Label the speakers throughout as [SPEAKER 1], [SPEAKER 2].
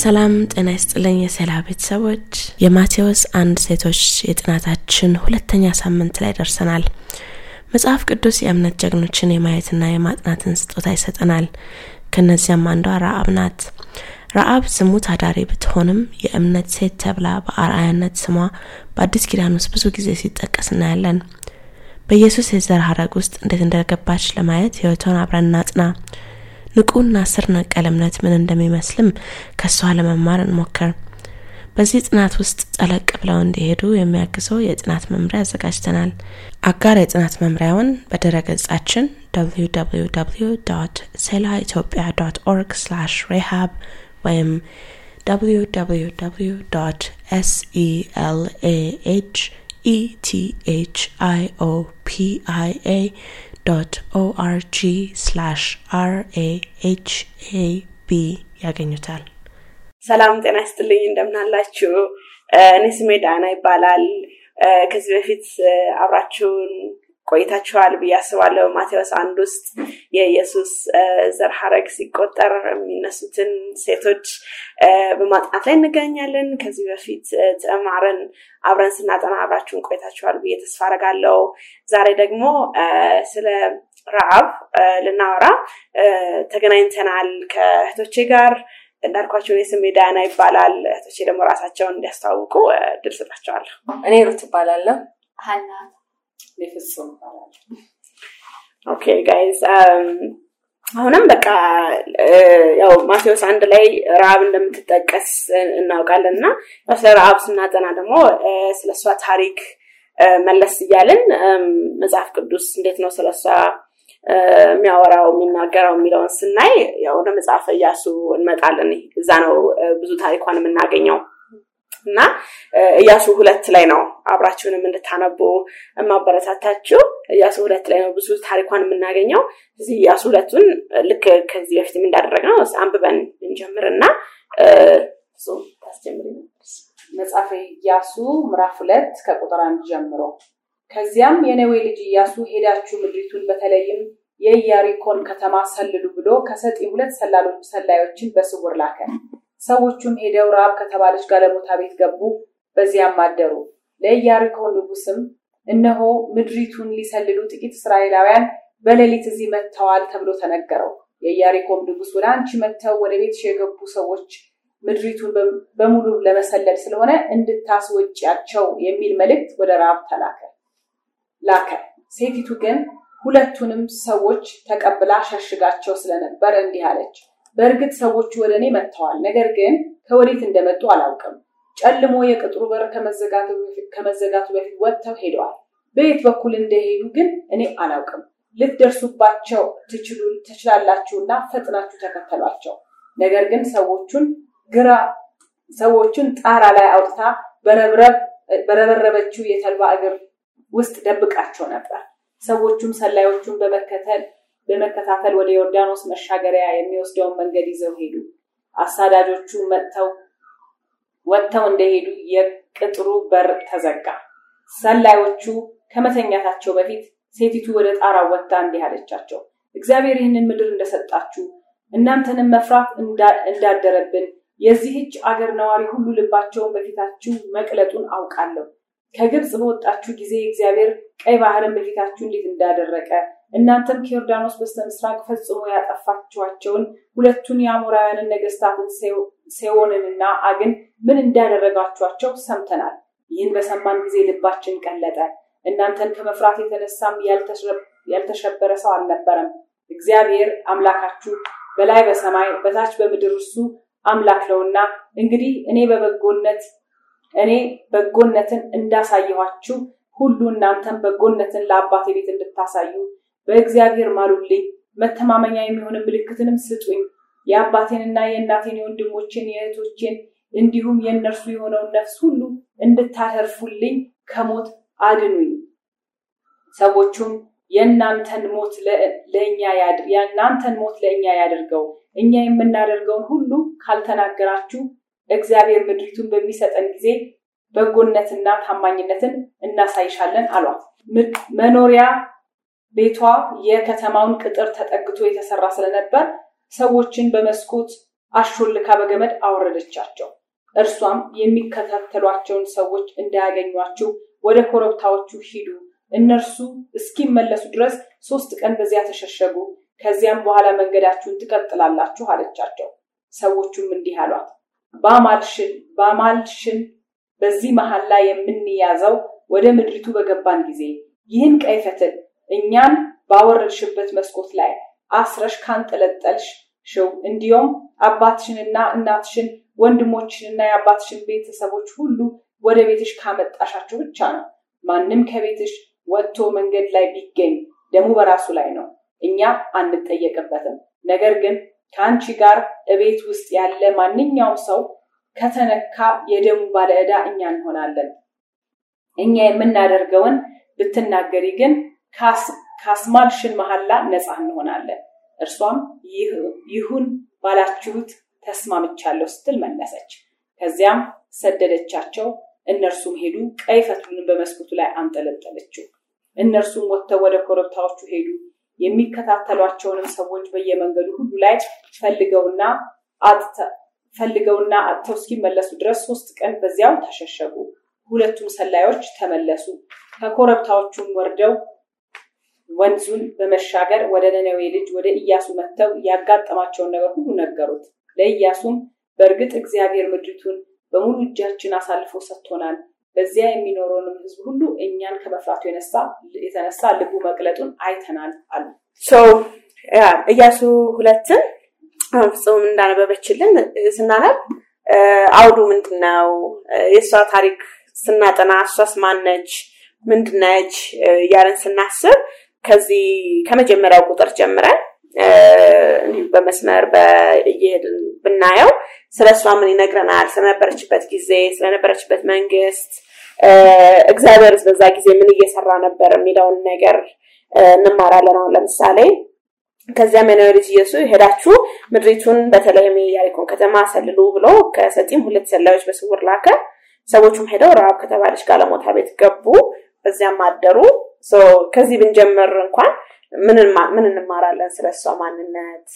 [SPEAKER 1] ሰላም ጤና ይስጥልኝ የሴላ ቤተሰቦች የማቴዎስ አንድ ሴቶች የጥናታችን ሁለተኛ ሳምንት ላይ ደርሰናል መጽሐፍ ቅዱስ የእምነት ጀግኖችን የማየትና የማጥናትን ስጦታ ይሰጠናል ከእነዚያም አንዷ ራአብናት ናት ረአብ ዝሙት አዳሪ ብትሆንም የእምነት ሴት ተብላ በአርአያነት ስሟ በአዲስ ኪዳን ውስጥ ብዙ ጊዜ ሲጠቀስ እናያለን። በኢየሱስ የዘር ሀረግ ውስጥ እንዴት እንደገባች ለማየት ህይወቷን አብረን እናጽና። ንቁና ስር ነቀል እምነት ምን እንደሚመስልም ከእሷ ለመማር እንሞክር። በዚህ ጥናት ውስጥ ጠለቅ ብለው እንዲሄዱ የሚያግዘው የጥናት መምሪያ አዘጋጅተናል። አጋር የጥናት መምሪያውን በድረ ገጻችን ሴላ ኢትዮጵያ ኦርግ ሬሃብ beim www.selahethiopiaorg slash rahab ያገኙታል።
[SPEAKER 2] ሰላም ጤና ይስጥልኝ፣ እንደምናላችሁ። እኔ ስሜ ዳና ይባላል። ከዚህ በፊት አብራችሁን ቆይታችኋል ብዬ አስባለሁ። ማቴዎስ አንድ ውስጥ የኢየሱስ ዘር ሀረግ ሲቆጠር የሚነሱትን ሴቶች በማጥናት ላይ እንገኛለን። ከዚህ በፊት ተማረን አብረን ስናጠና አብራችሁን ቆይታችኋል ብዬ ተስፋ አደርጋለሁ። ዛሬ ደግሞ ስለ ረአብ ልናወራ ተገናኝተናል ከእህቶቼ ጋር እንዳልኳቸው የስሜ ዳያና ይባላል። እህቶቼ ደግሞ ራሳቸውን እንዲያስተዋውቁ ድርስላቸዋለሁ እኔ ሩት ይባላለሁ
[SPEAKER 3] ሀና ፍጹም ይባላል።
[SPEAKER 2] ኦኬ ጋይዝ አሁንም በቃ ያው ማቴዎስ አንድ ላይ ረሃብ እንደምትጠቀስ እናውቃለን እና ስለ ረሃብ ስናጠና ደግሞ ስለ እሷ ታሪክ መለስ እያልን መጽሐፍ ቅዱስ እንዴት ነው ስለ እሷ የሚያወራው የሚናገረው የሚለውን ስናይ ያው ወደ መጽሐፈ እያሱ እንመጣለን እዛ ነው ብዙ ታሪኳን የምናገኘው እና እያሱ ሁለት ላይ ነው አብራችሁንም እንድታነቡ የማበረታታችሁ። እያሱ ሁለት ላይ ነው ብዙ ታሪኳን የምናገኘው። እዚህ እያሱ ሁለቱን ልክ ከዚህ በፊት እንዳደረግ ነው አንብበን እንጀምርና ታስጀምር መጽሐፈ እያሱ ምራፍ ሁለት
[SPEAKER 4] ከቁጥር አንድ ጀምሮ ከዚያም የነዌ ልጅ እያሱ ሄዳችሁ ምድሪቱን በተለይም የኢያሪኮን ከተማ ሰልሉ ብሎ ከሰጢ ሁለት ሰላዮችን በስውር ላከ። ሰዎቹም ሄደው ረሃብ ከተባለች ጋለሞታ ቤት ገቡ፣ በዚያም አደሩ። ለኢያሪኮ ንጉስም እነሆ ምድሪቱን ሊሰልሉ ጥቂት እስራኤላውያን በሌሊት እዚህ መጥተዋል ተብሎ ተነገረው። የኢያሪኮም ንጉስ ወደ አንቺ መጥተው ወደ ቤትሽ የገቡ ሰዎች ምድሪቱን በሙሉ ለመሰለል ስለሆነ እንድታስወጪያቸው የሚል መልእክት ወደ ረሃብ ተላከ ላከ። ሴቲቱ ግን ሁለቱንም ሰዎች ተቀብላ ሸሽጋቸው ስለነበር እንዲህ አለች። በእርግጥ ሰዎቹ ወደ እኔ መጥተዋል፣ ነገር ግን ከወዴት እንደመጡ አላውቅም። ጨልሞ የቅጥሩ በር ከመዘጋቱ በፊት ወጥተው ሄደዋል። በየት በኩል እንደሄዱ ግን እኔ አላውቅም። ልትደርሱባቸው ትችላላችሁና ፈጥናችሁ ተከተሏቸው። ነገር ግን ሰዎቹን ግራ ሰዎቹን ጣራ ላይ አውጥታ በረበረበችው የተልባ እግር ውስጥ ደብቃቸው ነበር። ሰዎቹም ሰላዮቹን በመከተል በመከታተል ወደ ዮርዳኖስ መሻገሪያ የሚወስደውን መንገድ ይዘው ሄዱ። አሳዳጆቹ መጥተው ወጥተው እንደሄዱ የቅጥሩ በር ተዘጋ። ሰላዮቹ ከመተኛታቸው በፊት ሴቲቱ ወደ ጣራው ወጥታ እንዲህ አለቻቸው፣ እግዚአብሔር ይህንን ምድር እንደሰጣችሁ እናንተንም መፍራት እንዳደረብን የዚህች አገር ነዋሪ ሁሉ ልባቸውን በፊታችሁ መቅለጡን አውቃለሁ። ከግብፅ በወጣችሁ ጊዜ እግዚአብሔር ቀይ ባህርን በፊታችሁ እንዴት እንዳደረቀ እናንተም ከዮርዳኖስ በስተምስራቅ ፈጽሞ ያጠፋችኋቸውን ሁለቱን የአሞራውያንን ነገስታትን ሴዎንንና አግን ምን እንዳደረጋችኋቸው ሰምተናል። ይህን በሰማን ጊዜ ልባችን ቀለጠ። እናንተን ከመፍራት የተነሳም ያልተሸበረ ሰው አልነበረም። እግዚአብሔር አምላካችሁ በላይ በሰማይ በታች በምድር እሱ አምላክ ነውና እንግዲህ እኔ በበጎነት እኔ በጎነትን እንዳሳየኋችሁ ሁሉ እናንተን በጎነትን ለአባቴ ቤት እንድታሳዩ በእግዚአብሔር ማሉልኝ፣ መተማመኛ የሚሆን ምልክትንም ስጡኝ። የአባቴንና የእናቴን የወንድሞችን የእህቶችን እንዲሁም የእነርሱ የሆነውን ነፍስ ሁሉ እንድታተርፉልኝ ከሞት አድኑኝ። ሰዎቹም የእናንተን ሞት ለእኛ የእናንተን ሞት ለእኛ ያድርገው፣ እኛ የምናደርገውን ሁሉ ካልተናገራችሁ እግዚአብሔር ምድሪቱን በሚሰጠን ጊዜ በጎነትና ታማኝነትን እናሳይሻለን አሏት። መኖሪያ ቤቷ የከተማውን ቅጥር ተጠግቶ የተሰራ ስለነበር ሰዎችን በመስኮት አሾልካ በገመድ አወረደቻቸው። እርሷም የሚከታተሏቸውን ሰዎች እንዳያገኟችሁ ወደ ኮረብታዎቹ ሂዱ፣ እነርሱ እስኪመለሱ ድረስ ሶስት ቀን በዚያ ተሸሸጉ፣ ከዚያም በኋላ መንገዳችሁን ትቀጥላላችሁ አለቻቸው። ሰዎቹም እንዲህ አሏት፣ በአማልሽን በአማልሽን በዚህ ላይ የምንያዘው ወደ ምድሪቱ በገባን ጊዜ ይህን ቀይ ፈትል እኛን ባወረድሽበት መስኮት ላይ አስረሽ ካንጠለጠልሽ ሽው እንዲሁም አባትሽንና እናትሽን ወንድሞችንና የአባትሽን ቤተሰቦች ሁሉ ወደ ቤትሽ ካመጣሻቸው ብቻ ነው። ማንም ከቤትሽ ወጥቶ መንገድ ላይ ቢገኝ ደሙ በራሱ ላይ ነው፣ እኛ አንጠየቅበትም። ነገር ግን ከአንቺ ጋር እቤት ውስጥ ያለ ማንኛውም ሰው ከተነካ የደሙ ባለዕዳ እኛ እንሆናለን። እኛ የምናደርገውን ብትናገሪ ግን ካስማልሽን መሐላ ነፃ እንሆናለን። እርሷም ይሁን ባላችሁት ተስማምቻለሁ ስትል መለሰች። ከዚያም ሰደደቻቸው። እነርሱም ሄዱ። ቀይ ፈትሉንም በመስኮቱ ላይ አንጠለጠለችው። እነርሱም ወጥተው ወደ ኮረብታዎቹ ሄዱ። የሚከታተሏቸውንም ሰዎች በየመንገዱ ሁሉ ላይ ፈልገውና ፈልገውና አጥተው እስኪመለሱ ድረስ ሶስት ቀን በዚያው ተሸሸጉ። ሁለቱም ሰላዮች ተመለሱ። ከኮረብታዎቹም ወርደው ወንዙን በመሻገር ወደ ነነዌ ልጅ ወደ ኢያሱ መጥተው ያጋጠማቸውን ነገር ሁሉ ነገሩት። ለኢያሱም በእርግጥ እግዚአብሔር ምድሪቱን በሙሉ እጃችን አሳልፎ ሰጥቶናል፣ በዚያ የሚኖረውንም ሕዝብ ሁሉ እኛን ከመፍራቱ የተነሳ ልቡ መቅለጡን አይተናል አሉ።
[SPEAKER 2] እያሱ ሁለትን ፍጹም እንዳነበበችልን ስናነብ አውዱ ምንድን ነው? የእሷ ታሪክ ስናጠና እሷስ ማነች ምንድነች እያለን ስናስብ ከዚህ ከመጀመሪያው ቁጥር ጀምረን በመስመር እየሄድን ብናየው ስለ እሷ ምን ይነግረናል? ስለነበረችበት ጊዜ፣ ስለነበረችበት መንግስት፣ እግዚአብሔር በዛ ጊዜ ምን እየሰራ ነበር የሚለውን ነገር እንማራለን። አሁን ለምሳሌ ከዚያም የነዌ ልጅ ኢየሱስ ሄዳችሁ ምድሪቱን በተለይም የያሪኮን ከተማ ሰልሉ ብሎ ከሰጢም ሁለት ሰላዮች በስውር ላከ። ሰዎቹም ሄደው ረሃብ ከተባለች ጋለሞታ ቤት ገቡ፣ በዚያም አደሩ። ከዚህ ብንጀምር እንኳን ምን እንማራለን ስለ እሷ ማንነት፣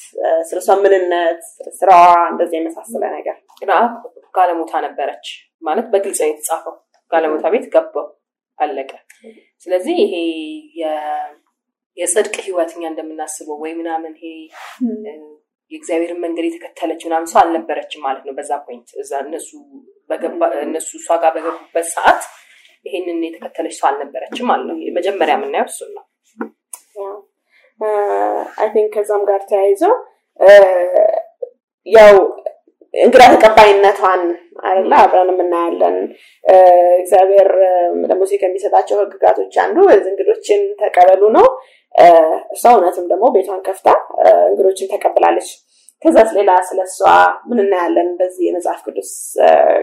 [SPEAKER 2] ስለ እሷ ምንነት፣ ስራዋ እንደዚህ የመሳሰለ
[SPEAKER 5] ነገር። ረአብ ጋለሞታ ነበረች ማለት በግልጽ የተጻፈው። ጋለሞታ ቤት ገባው አለቀ። ስለዚህ ይሄ የጽድቅ ህይወት እኛ እንደምናስበው ወይ ምናምን ይሄ የእግዚአብሔርን መንገድ የተከተለች ምናምን ሰው አልነበረችም ማለት ነው። በዛ ፖይንት እነሱ እሷ ጋር በገቡበት ሰዓት ይሄንን
[SPEAKER 2] የተከተለች ሰው አልነበረችም አለ መጀመሪያ የምናየው እሱን ነው። አይ ቲንክ uh, ከዛም ጋር ተያይዘው uh, ያው እንግዳ ተቀባይነቷን አይደለ አብረን እናያለን። uh, እግዚአብሔር ለሙሴ um, ከሚሰጣቸው ህግጋቶች አንዱ እንግዶችን ተቀበሉ ነው። እሷ እውነትም ደግሞ ቤቷን ከፍታ እንግዶችን ተቀብላለች። ከዛ ሌላ ስለ እሷ ምን እናያለን በዚህ የመጽሐፍ ቅዱስ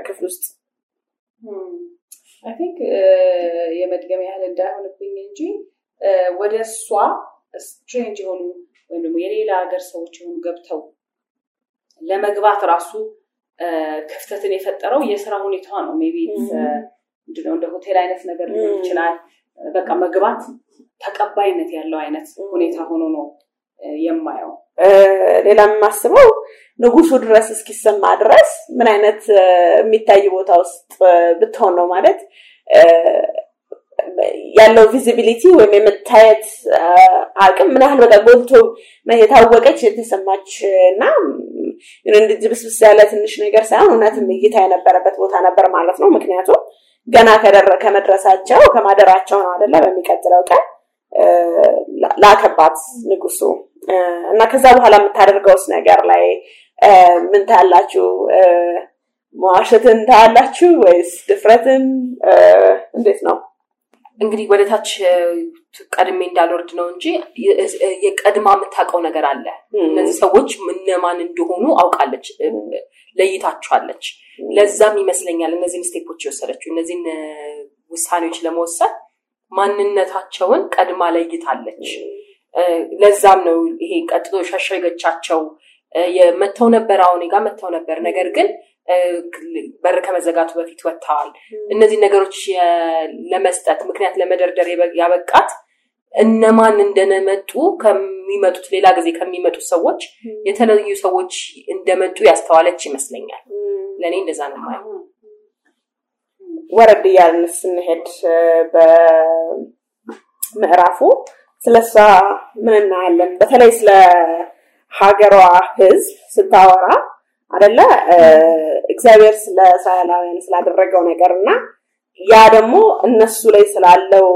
[SPEAKER 2] ክፍል ውስጥ?
[SPEAKER 4] Hmm. አይ ቲንክ uh, የመድገም ያህል እንዳይሆንብኝ እንጂ uh, ወደ እሷ ስትሬንጅ የሆኑ ወይም ደግሞ የሌላ ሀገር ሰዎች የሆኑ ገብተው ለመግባት ራሱ uh, ክፍተትን የፈጠረው የስራ ሁኔታ ነው። ሜቢ mm-hmm. ምንድነው እንደ ሆቴል አይነት ነገር ሊሆን mm-hmm. ይችላል። በቃ መግባት ተቀባይነት ያለው አይነት mm-hmm. ሁኔታ ሆኖ ነው
[SPEAKER 2] የማየው። ሌላ የማስበው ንጉሱ ድረስ እስኪሰማ ድረስ ምን አይነት የሚታይ ቦታ ውስጥ ብትሆን ነው ማለት ያለው ቪዚቢሊቲ ወይም የመታየት አቅም ምን ያህል በቃ ጎልቶ የታወቀች የተሰማች እና እንድጅብስብስ ያለ ትንሽ ነገር ሳይሆን እውነትም እይታ የነበረበት ቦታ ነበር ማለት ነው። ምክንያቱም ገና ከመድረሳቸው ከማደራቸው ነው አደለ በሚቀጥለው ቀን ላከባት ንጉሱ እና ከዛ በኋላ የምታደርገውስ ነገር ላይ ምን ታላችሁ መዋሸትን ታላችሁ ወይስ ድፍረትን? እንዴት ነው?
[SPEAKER 5] እንግዲህ ወደ ታች ቀድሜ እንዳልወርድ ነው እንጂ የቀድማ የምታውቀው ነገር አለ። እነዚህ ሰዎች እነማን እንደሆኑ አውቃለች፣ ለይታችኋለች። ለዛም ይመስለኛል እነዚህን ስቴፖች የወሰደችው እነዚህን ውሳኔዎች ለመወሰን ማንነታቸውን ቀድማ ለይታለች። ለዛም ነው ይሄ ቀጥሎ ሸሸገቻቸው መጥተው ነበር። አሁን ጋ መጥተው ነበር፣ ነገር ግን በር ከመዘጋቱ በፊት ወጥተዋል። እነዚህ ነገሮች ለመስጠት ምክንያት ለመደርደር ያበቃት እነማን እንደመጡ ከሚመጡት ሌላ ጊዜ ከሚመጡት ሰዎች የተለዩ ሰዎች እንደመጡ ያስተዋለች ይመስለኛል። ለእኔ እንደዛ ነው ማለት
[SPEAKER 2] ወረድ እያልን ስንሄድ በምዕራፉ ስለሷ ምን እናያለን? በተለይ ስለ ሀገሯ ህዝብ ስታወራ አደለ እግዚአብሔር ስለ እስራኤላውያን ስላደረገው ነገር እና ያ ደግሞ እነሱ ላይ ስላለው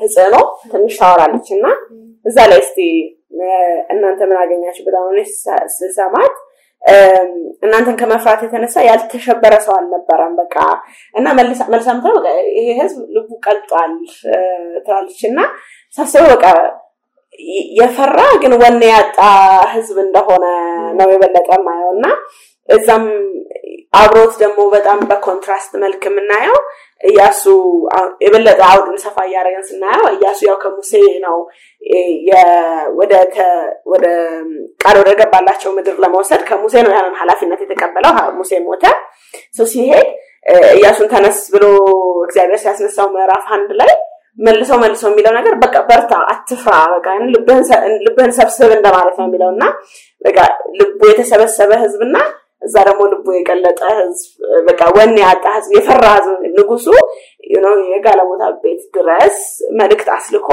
[SPEAKER 2] ተጽዕኖ ትንሽ ታወራለች እና እዛ ላይ እስቲ እናንተ ምን አገኛችሁ ብለሆነ ስሰማት እናንተን ከመፍራት የተነሳ ያልተሸበረ ሰው አልነበረም። በቃ እና መልሳ ይሄ ህዝብ ልቡ ቀልጧል ትላለች እና ሳስበው በቃ የፈራ ግን ወኔ ያጣ ህዝብ እንደሆነ ነው የበለጠ ማየው እና እዛም አብሮት ደግሞ በጣም በኮንትራስት መልክ የምናየው እያሱ የበለጠ አውድን ሰፋ እያደረገን ስናየው እያሱ ያው ከሙሴ ነው ወደ ቃል ወደ ገባላቸው ምድር ለመውሰድ ከሙሴ ነው ያንን ኃላፊነት የተቀበለው። ሙሴ ሞተ። ሰው ሲሄድ እያሱን ተነስ ብሎ እግዚአብሔር ሲያስነሳው ምዕራፍ አንድ ላይ መልሰው መልሰው የሚለው ነገር በቃ በርታ፣ አትፍራ፣ በቃ ልብህን ሰብስብ እንደማለት ነው የሚለው እና በቃ ልቡ የተሰበሰበ ህዝብና እዛ ደግሞ ልቡ የቀለጠ ህዝብ በቃ ወን ያጣ ህዝብ የፈራ ህዝብ ንጉሱ ቦታ ቤት ድረስ መልእክት አስልኮ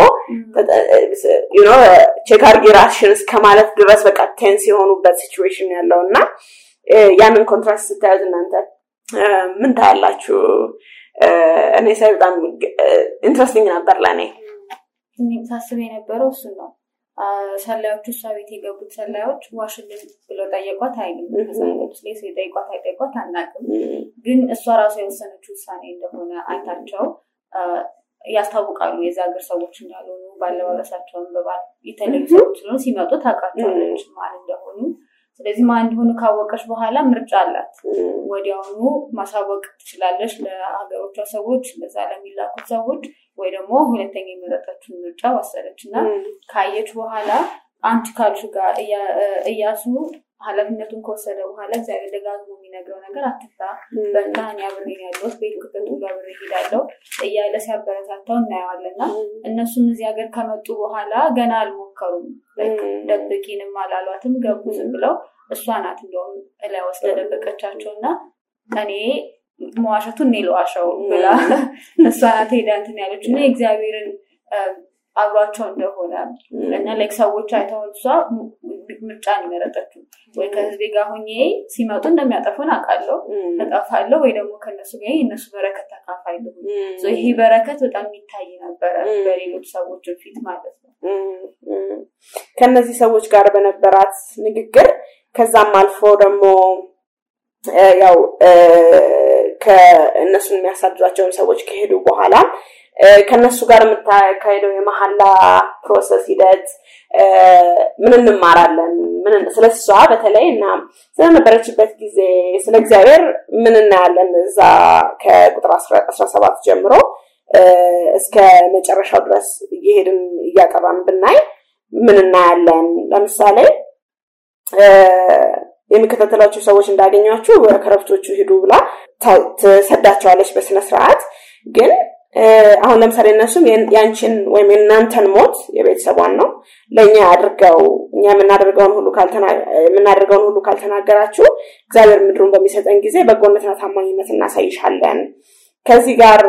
[SPEAKER 2] ቼክ አድርጊ ራስሽን እስከማለት ድረስ በቃ ቴንስ የሆኑበት ሲቹዌሽን ያለው እና ያንን ኮንትራስት ስታያዝ እናንተ ምን ታያላችሁ? እኔ ሳይ በጣም ኢንትረስቲንግ ነበር ለእኔ።
[SPEAKER 3] እኔም ሳስብ የነበረው እሱ ነው። ሰላዮቹ እሷ ቤት የገቡት ሰላዮች ዋሽልን ብሎ ጠየቋት አይልም። ሰ ጠይቋት አይጠይቋት አናውቅም፣ ግን እሷ ራሷ የወሰነችው ውሳኔ እንደሆነ አይታቸው ያስታውቃሉ የዚ ሀገር ሰዎች እንዳልሆኑ፣ ባለባበሳቸውን በባል የተለዩ ሰዎች ስለሆኑ ሲመጡ ታውቃቸዋለች ማን እንደሆኑ ስለዚህ ማን እንደሆኑ ካወቀች በኋላ ምርጫ አላት። ወዲያውኑ ማሳወቅ ትችላለች ለሀገሮቿ ሰዎች፣ ለዛ ለሚላኩት ሰዎች ወይ ደግሞ ሁለተኛ የመረጠችውን ምርጫ ወሰደች እና ካየች በኋላ አንቺ ካልሽ ጋር እያሱ ሀላፊነቱን ከወሰደ በኋላ እግዚአብሔር ደጋግሞ የሚነግረው ነገር አትፍራ፣ በርታ፣ እኔ አብሬ ያለሁት ክፍል ሁሉ አብሬ እሄዳለሁ እያለ ሲያበረታታው እናየዋለና እነሱም እዚህ ሀገር ከመጡ በኋላ ገና አልሞከሩም። ደብቂንም አላሏትም። ገቡ ዝም ብለው። እሷ ናት እንደውም እላይ ወስደ ደበቀቻቸው እና እኔ መዋሸቱ እኔ ለዋሸው ብላ እሷ ናት ሄዳ እንትን ያለች እና የእግዚአብሔርን አብሯቸው እንደሆነ እና ላይክ ሰዎች አይተውን እሷ ምርጫን የመረጠችው ወይ ከህዝቤ ጋር ሁኜ ሲመጡ እንደሚያጠፉን አውቃለሁ ተጣፋለሁ ወይ ደግሞ ከነሱ ጋር እነሱ በረከት ተካፋለሁ ይሄ በረከት በጣም የሚታይ ነበረ በሌሎች ሰዎች ፊት ማለት ነው
[SPEAKER 2] ከነዚህ ሰዎች ጋር በነበራት ንግግር ከዛም አልፎ ደግሞ ያው ከእነሱን የሚያሳድሯቸውን ሰዎች ከሄዱ በኋላ ከነሱ ጋር የምታካሄደው የመሀላ ፕሮሰስ ሂደት ምን እንማራለን? ስለ እሷ በተለይ እና ስለነበረችበት ጊዜ ስለ እግዚአብሔር ምን እናያለን? እዛ ከቁጥር አስራ ሰባት ጀምሮ እስከ መጨረሻው ድረስ እየሄድን እያቀራን ብናይ ምን እናያለን? ለምሳሌ የሚከታተላቸው ሰዎች እንዳገኟችሁ ከረብቶቹ ሂዱ ብላ ትሰዳቸዋለች በስነስርዓት ግን አሁን ለምሳሌ እነሱም ያንቺን ወይም የእናንተን ሞት የቤተሰቧን ነው ለእኛ አድርገው እኛ የምናደርገውን ሁሉ የምናደርገውን ሁሉ ካልተናገራችሁ እግዚአብሔር ምድሩን በሚሰጠን ጊዜ በጎነትና ታማኝነት እናሳይሻለን። ከዚህ ጋር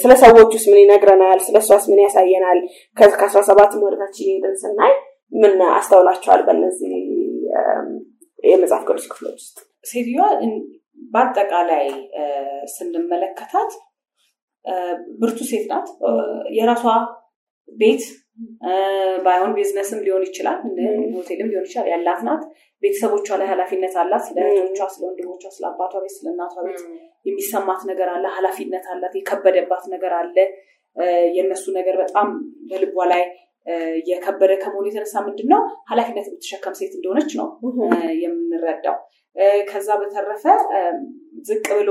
[SPEAKER 2] ስለ ውስጥ ምን ይነግረናል? ስለ እሷስ ምን ያሳየናል? ከአስራ ሰባት ወደታችን ይሄድን ስናይ ምን አስተውላቸዋል? በእነዚህ የመጽሐፍ ቅዱስ ክፍሎች ውስጥ
[SPEAKER 4] ሴትዮዋ በአጠቃላይ ስንመለከታት ብርቱ ሴት ናት። የራሷ ቤት ባይሆን ቢዝነስም ሊሆን ይችላል፣ ሆቴልም ሊሆን ይችላል ያላት ናት። ቤተሰቦቿ ላይ ኃላፊነት አላት። ስለ እህቶቿ፣ ስለ ወንድሞቿ፣ ስለ አባቷ ቤት፣ ስለ እናቷ ቤት የሚሰማት ነገር አለ። ኃላፊነት አላት። የከበደባት ነገር አለ። የእነሱ ነገር በጣም በልቧ ላይ የከበደ ከመሆኑ የተነሳ ምንድን ነው ኃላፊነት የምትሸከም ሴት እንደሆነች ነው የምንረዳው። ከዛ በተረፈ ዝቅ ብሎ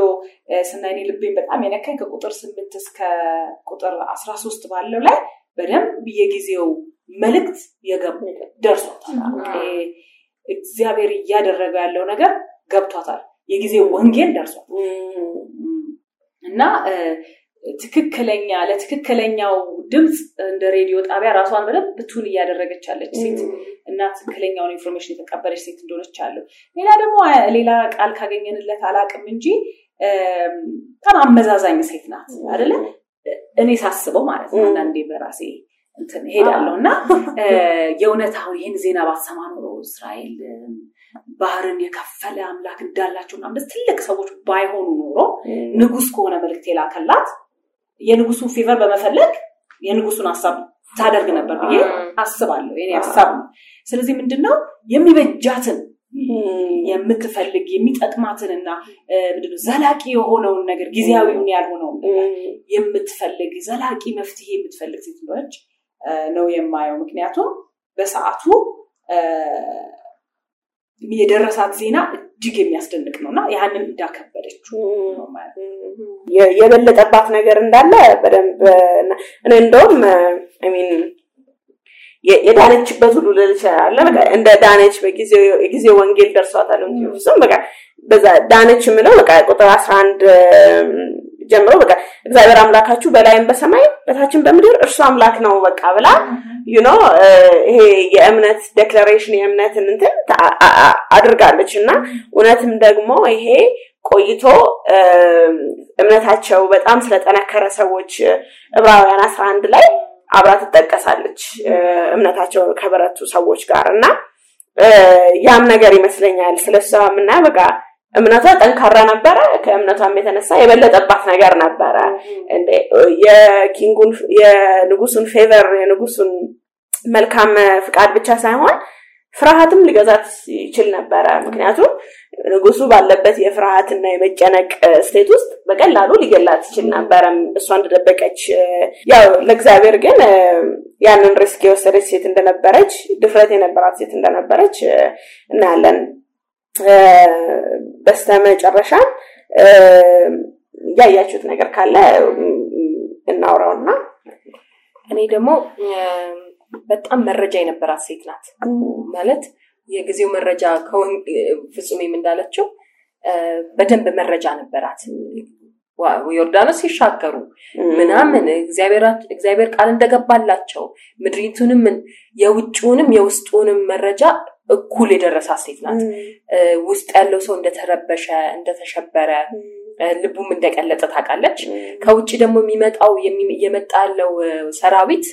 [SPEAKER 4] ስናይ ልቤን በጣም የነካኝ ከቁጥር ስምንት እስከ ቁጥር አስራ ሶስት ባለው ላይ በደንብ የጊዜው መልእክት የገቡ ደርሷታል። እግዚአብሔር እያደረገ ያለው ነገር ገብቷታል። የጊዜው ወንጌል ደርሷል እና ትክክለኛ ለትክክለኛው ድምፅ እንደ ሬዲዮ ጣቢያ ራሷን በደንብ ብቱን እያደረገች ያለች ሴት እና ትክክለኛውን ኢንፎርሜሽን የተቀበለች ሴት እንደሆነች አለው። ሌላ ደግሞ ሌላ ቃል ካገኘንለት አላቅም እንጂ በጣም አመዛዛኝ ሴት ናት አደለ? እኔ ሳስበው ማለት ነው። አንዳንዴ በራሴ እንትን ሄዳለሁ እና የእውነት አሁን ይህን ዜና ባትሰማ ኖሮ እስራኤል ባህርን የከፈለ አምላክ እንዳላቸው ምናምን ትልቅ ሰዎች ባይሆኑ ኖሮ ንጉስ ከሆነ መልክት የላከላት የንጉሱን ፌቨር በመፈለግ የንጉሱን ሀሳብ ታደርግ ነበር ብዬ አስባለሁ። ኔ ሀሳብ ነው። ስለዚህ ምንድነው የሚበጃትን የምትፈልግ የሚጠቅማትንና ምንድነው ዘላቂ የሆነውን ነገር ጊዜያዊውን ያልሆነው የምትፈልግ ዘላቂ መፍትሄ የምትፈልግ ሴትች ነው የማየው። ምክንያቱም በሰዓቱ የደረሳት ዜና እጅግ የሚያስደንቅ ነው እና ያህንን እንዳከበደችው
[SPEAKER 2] የበለጠባት ነገር እንዳለ በደንብ እኔ እንደውም ሚን የዳነችበት ሁሉ ልል እችላለሁ። በቃ እንደ ዳነች በጊዜ ወንጌል ደርሷታል። በ በዛ ዳነች የምለው በቃ ቁጥር አስራ አንድ ጀምሮ በቃ እግዚአብሔር አምላካችሁ በላይም በሰማይ በታችን በምድር እርሱ አምላክ ነው በቃ ብላ ዩኖ ይሄ የእምነት ዴክላሬሽን የእምነትን እንትን አድርጋለች እና እውነትም ደግሞ ይሄ ቆይቶ እምነታቸው በጣም ስለጠነከረ ሰዎች እብራውያን አስራ አንድ ላይ አብራ ትጠቀሳለች እምነታቸው ከበረቱ ሰዎች ጋር እና ያም ነገር ይመስለኛል ስለሷ የምናየው በቃ እምነቷ ጠንካራ ነበረ። ከእምነቷም የተነሳ የበለጠባት ነገር ነበረ። የኪንጉን የንጉሱን ፌቨር የንጉሱን መልካም ፍቃድ ብቻ ሳይሆን ፍርሃትም ሊገዛት ይችል ነበረ። ምክንያቱም ንጉሱ ባለበት የፍርሃትና የመጨነቅ ስቴት ውስጥ በቀላሉ ሊገላት ይችል ነበረ እሷ እንደደበቀች። ያው ለእግዚአብሔር ግን ያንን ሪስክ የወሰደች ሴት እንደነበረች፣ ድፍረት የነበራት ሴት እንደነበረች እናያለን። በስተመጨረሻም ያያችሁት ነገር ካለ እናውራውና
[SPEAKER 5] እኔ ደግሞ በጣም መረጃ የነበራት ሴት ናት። ማለት የጊዜው መረጃ ፍጹሜም እንዳለችው በደንብ መረጃ ነበራት። ዮርዳኖስ ሲሻገሩ ምናምን እግዚአብሔር ቃል እንደገባላቸው ምድሪቱንም የውጭውንም የውስጡንም መረጃ እኩል የደረሳ ሴት ናት። ውስጥ ያለው ሰው እንደተረበሸ፣ እንደተሸበረ ልቡም እንደቀለጠ ታውቃለች። ከውጭ ደግሞ የሚመጣው የመጣ ያለው ሰራዊት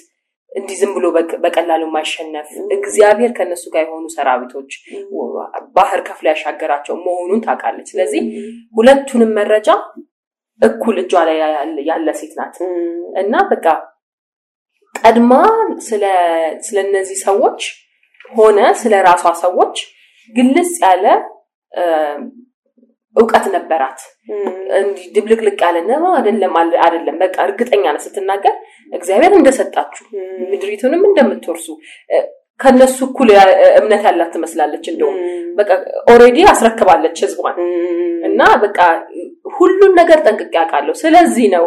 [SPEAKER 5] እንዲህ ዝም ብሎ በቀላሉ ማሸነፍ እግዚአብሔር ከእነሱ ጋር የሆኑ ሰራዊቶች ባህር ከፍላ ያሻገራቸው መሆኑን ታውቃለች። ስለዚህ ሁለቱንም መረጃ እኩል እጇ ላይ ያለ ሴት ናት እና በቃ ቀድማ ስለነዚህ ሰዎች ሆነ ስለ ራሷ ሰዎች ግልጽ ያለ እውቀት ነበራት። እንዲህ ድብልቅልቅ ያለ ነው አይደለም አይደለም። በቃ እርግጠኛ ነው ስትናገር እግዚአብሔር እንደሰጣችሁ ምድሪቱንም እንደምትወርሱ ከነሱ እኩል እምነት ያላት ትመስላለች። እንደውም በቃ ኦሬዲ አስረክባለች ህዝቧን እና በቃ ሁሉን ነገር ጠንቅቅ ያውቃለሁ ስለዚህ ነው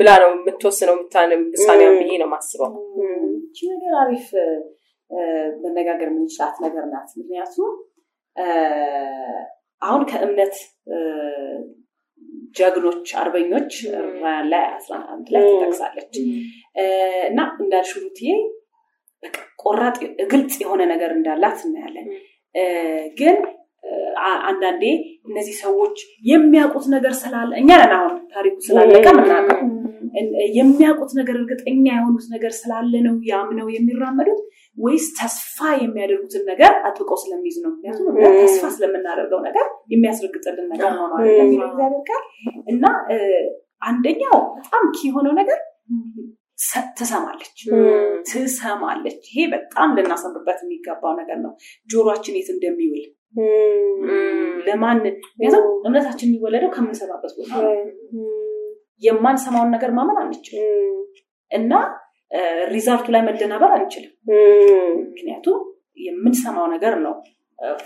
[SPEAKER 5] ብላ ነው የምትወስነው። ምሳሌ ብዬ ነው
[SPEAKER 4] አሪፍ መነጋገር የምንችላት ነገር ናት። ምክንያቱም አሁን ከእምነት ጀግኖች አርበኞች ራያን ላይ አስራ አንድ ላይ ትጠቅሳለች እና እንዳልሽሩትዬ ቆራጥ ግልጽ የሆነ ነገር እንዳላት እናያለን ግን አንዳንዴ እነዚህ ሰዎች የሚያውቁት ነገር ስላለ እኛ ነን አሁን ታሪኩ ስላለቀ ምናቀው የሚያውቁት ነገር እርግጠኛ የሆኑት ነገር ስላለ ነው ያምነው የሚራመዱት ወይስ ተስፋ የሚያደርጉትን ነገር አጥብቀው ስለሚይዝ ነው? ምክንያቱም ተስፋ ስለምናደርገው ነገር የሚያስረግጥልን ነገር ነው ያደርጋል እና አንደኛው በጣም ኪ የሆነው ነገር ትሰማለች ትሰማለች። ይሄ በጣም ልናሰምርበት የሚገባው ነገር ነው። ጆሮችን የት እንደሚውል ለማን እምነታችን የሚወለደው ከምንሰማበት ቦታ ነው። የማንሰማውን ነገር ማመን አንችልም እና ሪዛልቱ ላይ መደናበር አንችልም። ምክንያቱም የምንሰማው ነገር ነው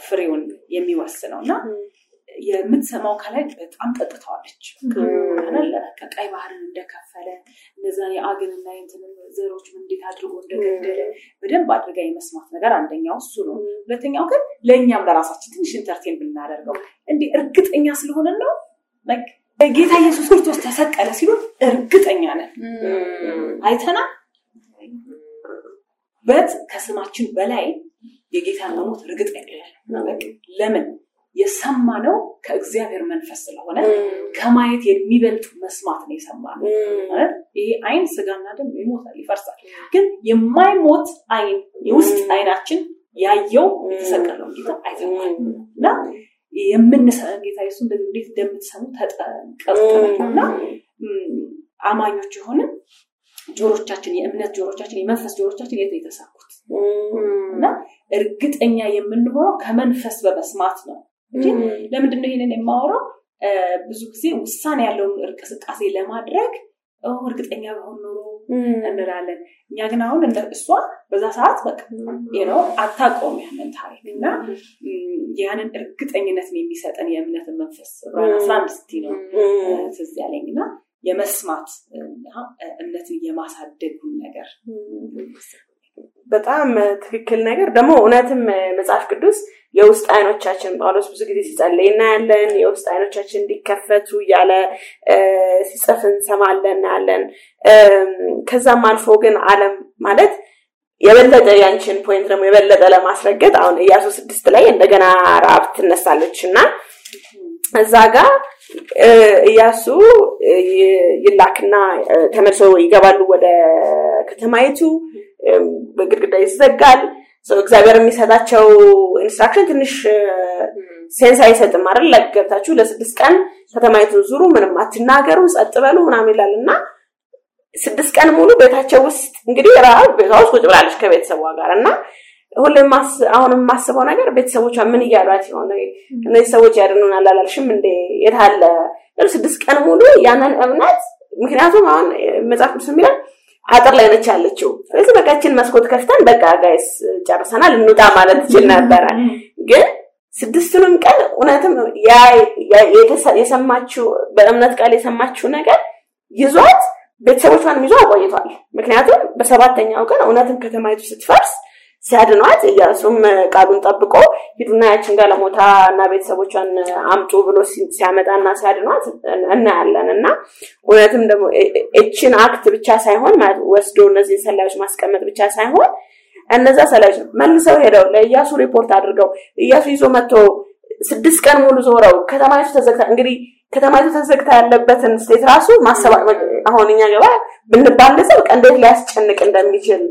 [SPEAKER 4] ፍሬውን የሚወስነው እና የምትሰማው ከላይ በጣም ጠጥተዋለች ከቀይ ባህርን እንደከፈለ የአግን የአግንና የእንትን ዘሮች እንዴት አድርጎ እንደገደለ በደንብ አድርጋ የመስማት ነገር አንደኛው እሱ ነው። ሁለተኛው ግን ለእኛም ለራሳችን ትንሽ ኢንተርቴን ብናደርገው እንዲህ እርግጠኛ ስለሆነ ነው ጌታ ኢየሱስ ክርስቶስ ተሰቀለ ሲሉ እርግጠኛ ነን አይተና በት ከስማችን በላይ የጌታ መሞት እርግጥ ያለ ለምን የሰማነው ከእግዚአብሔር መንፈስ ስለሆነ ከማየት የሚበልጥ መስማት ነው የሰማ ነው ይሄ አይን ስጋና ደም ይሞታል፣ ይፈርሳል። ግን የማይሞት አይን የውስጥ አይናችን ያየው የተሰቀለው ጌታ አይተማል እና የምንሰን ጌታ ሱ እንዴት እንደምትሰሙ ተጠንቀቁና አማኞች የሆነ ጆሮቻችን የእምነት ጆሮቻችን የመንፈስ ጆሮቻችን የት የተሳኩት እና እርግጠኛ የምንሆነው ከመንፈስ በመስማት ነው። እንጂ ለምንድነው ይሄንን የማወራው? ብዙ ጊዜ ውሳኔ ያለውን እንቅስቃሴ ለማድረግ እርግጠኛ በሆን ኖሮ እንላለን። እኛ ግን አሁን እሷ በዛ ሰዓት በቃ ነው አታውቀውም ያንን ታሪክ እና ያንን እርግጠኝነትን የሚሰጠን የእምነትን መንፈስ አስራ አንድ ስቲ ነው ትዝ ያለኝ እና የመስማት እምነትን
[SPEAKER 2] የማሳደጉን ነገር በጣም ትክክል ነገር ደግሞ እውነትም መጽሐፍ ቅዱስ የውስጥ አይኖቻችን ጳውሎስ ብዙ ጊዜ ሲጸልይ እናያለን። የውስጥ አይኖቻችን እንዲከፈቱ እያለ ሲጽፍ እንሰማለን፣ እናያለን። ከዛም አልፎ ግን አለም ማለት የበለጠ ያንችን ፖይንት ደግሞ የበለጠ ለማስረገጥ አሁን እያሱ ስድስት ላይ እንደገና ረአብ ትነሳለች እና እዛ ጋ እያሱ ይላክና ተመልሶ ይገባሉ ወደ ከተማይቱ በግድግዳ ይዘጋል። ሰው እግዚአብሔር የሚሰጣቸው ኢንስትራክሽን ትንሽ ሴንስ አይሰጥም አይደል? ለገብታችሁ ለስድስት ቀን ከተማይቱን ዙሩ፣ ምንም አትናገሩ፣ ጸጥ በሉ ምናም ይላል እና ስድስት ቀን ሙሉ ቤታቸው ውስጥ እንግዲህ ራብ ቤቷ ውስጥ ቁጭ ብላለች ከቤተሰቧ ጋር እና ሁሌም አሁን የማስበው ነገር ቤተሰቦቿ ምን እያሏት የሆነ እነዚህ ሰዎች ያድኑን አላላልሽም እንዴ? የታለ ስድስት ቀን ሙሉ ያንን እምነት ምክንያቱም አሁን መጽሐፍ ቅዱስ የሚለን አጥር ላይ ነች ያለችው። ስለዚህ በቃችን መስኮት ከፍተን በቃ ጋይስ ጨርሰናል እንውጣ ማለት ይችል ነበረ። ግን ስድስቱንም ቀን እውነትም የሰማችው በእምነት ቃል የሰማችው ነገር ይዟት ቤተሰቦቿንም ይዞ አቆይቷል። ምክንያቱም በሰባተኛው ቀን እውነትም ከተማይቱ ስትፈርስ ሲያድኗት እያሱም ቃሉን ጠብቆ ሂዱና ያችን ጋለሞታ እና ቤተሰቦቿን አምጡ ብሎ ሲያመጣና ሲያድኗት እናያለን። እና እውነትም ደግሞ እችን አክት ብቻ ሳይሆን ወስዶ እነዚህን ሰላዮች ማስቀመጥ ብቻ ሳይሆን እነዛ ሰላዮች መልሰው ሄደው ለእያሱ ሪፖርት አድርገው እያሱ ይዞ መጥቶ ስድስት ቀን ሙሉ ዞረው ከተማይቱ ተዘግታ እንግዲህ ከተማይቱ ተዘግታ ያለበትን ስቴት ራሱ ማሰባ አሁን እኛ ገባ ብንባል ሰው እንዴት ሊያስጨንቅ እንደሚችል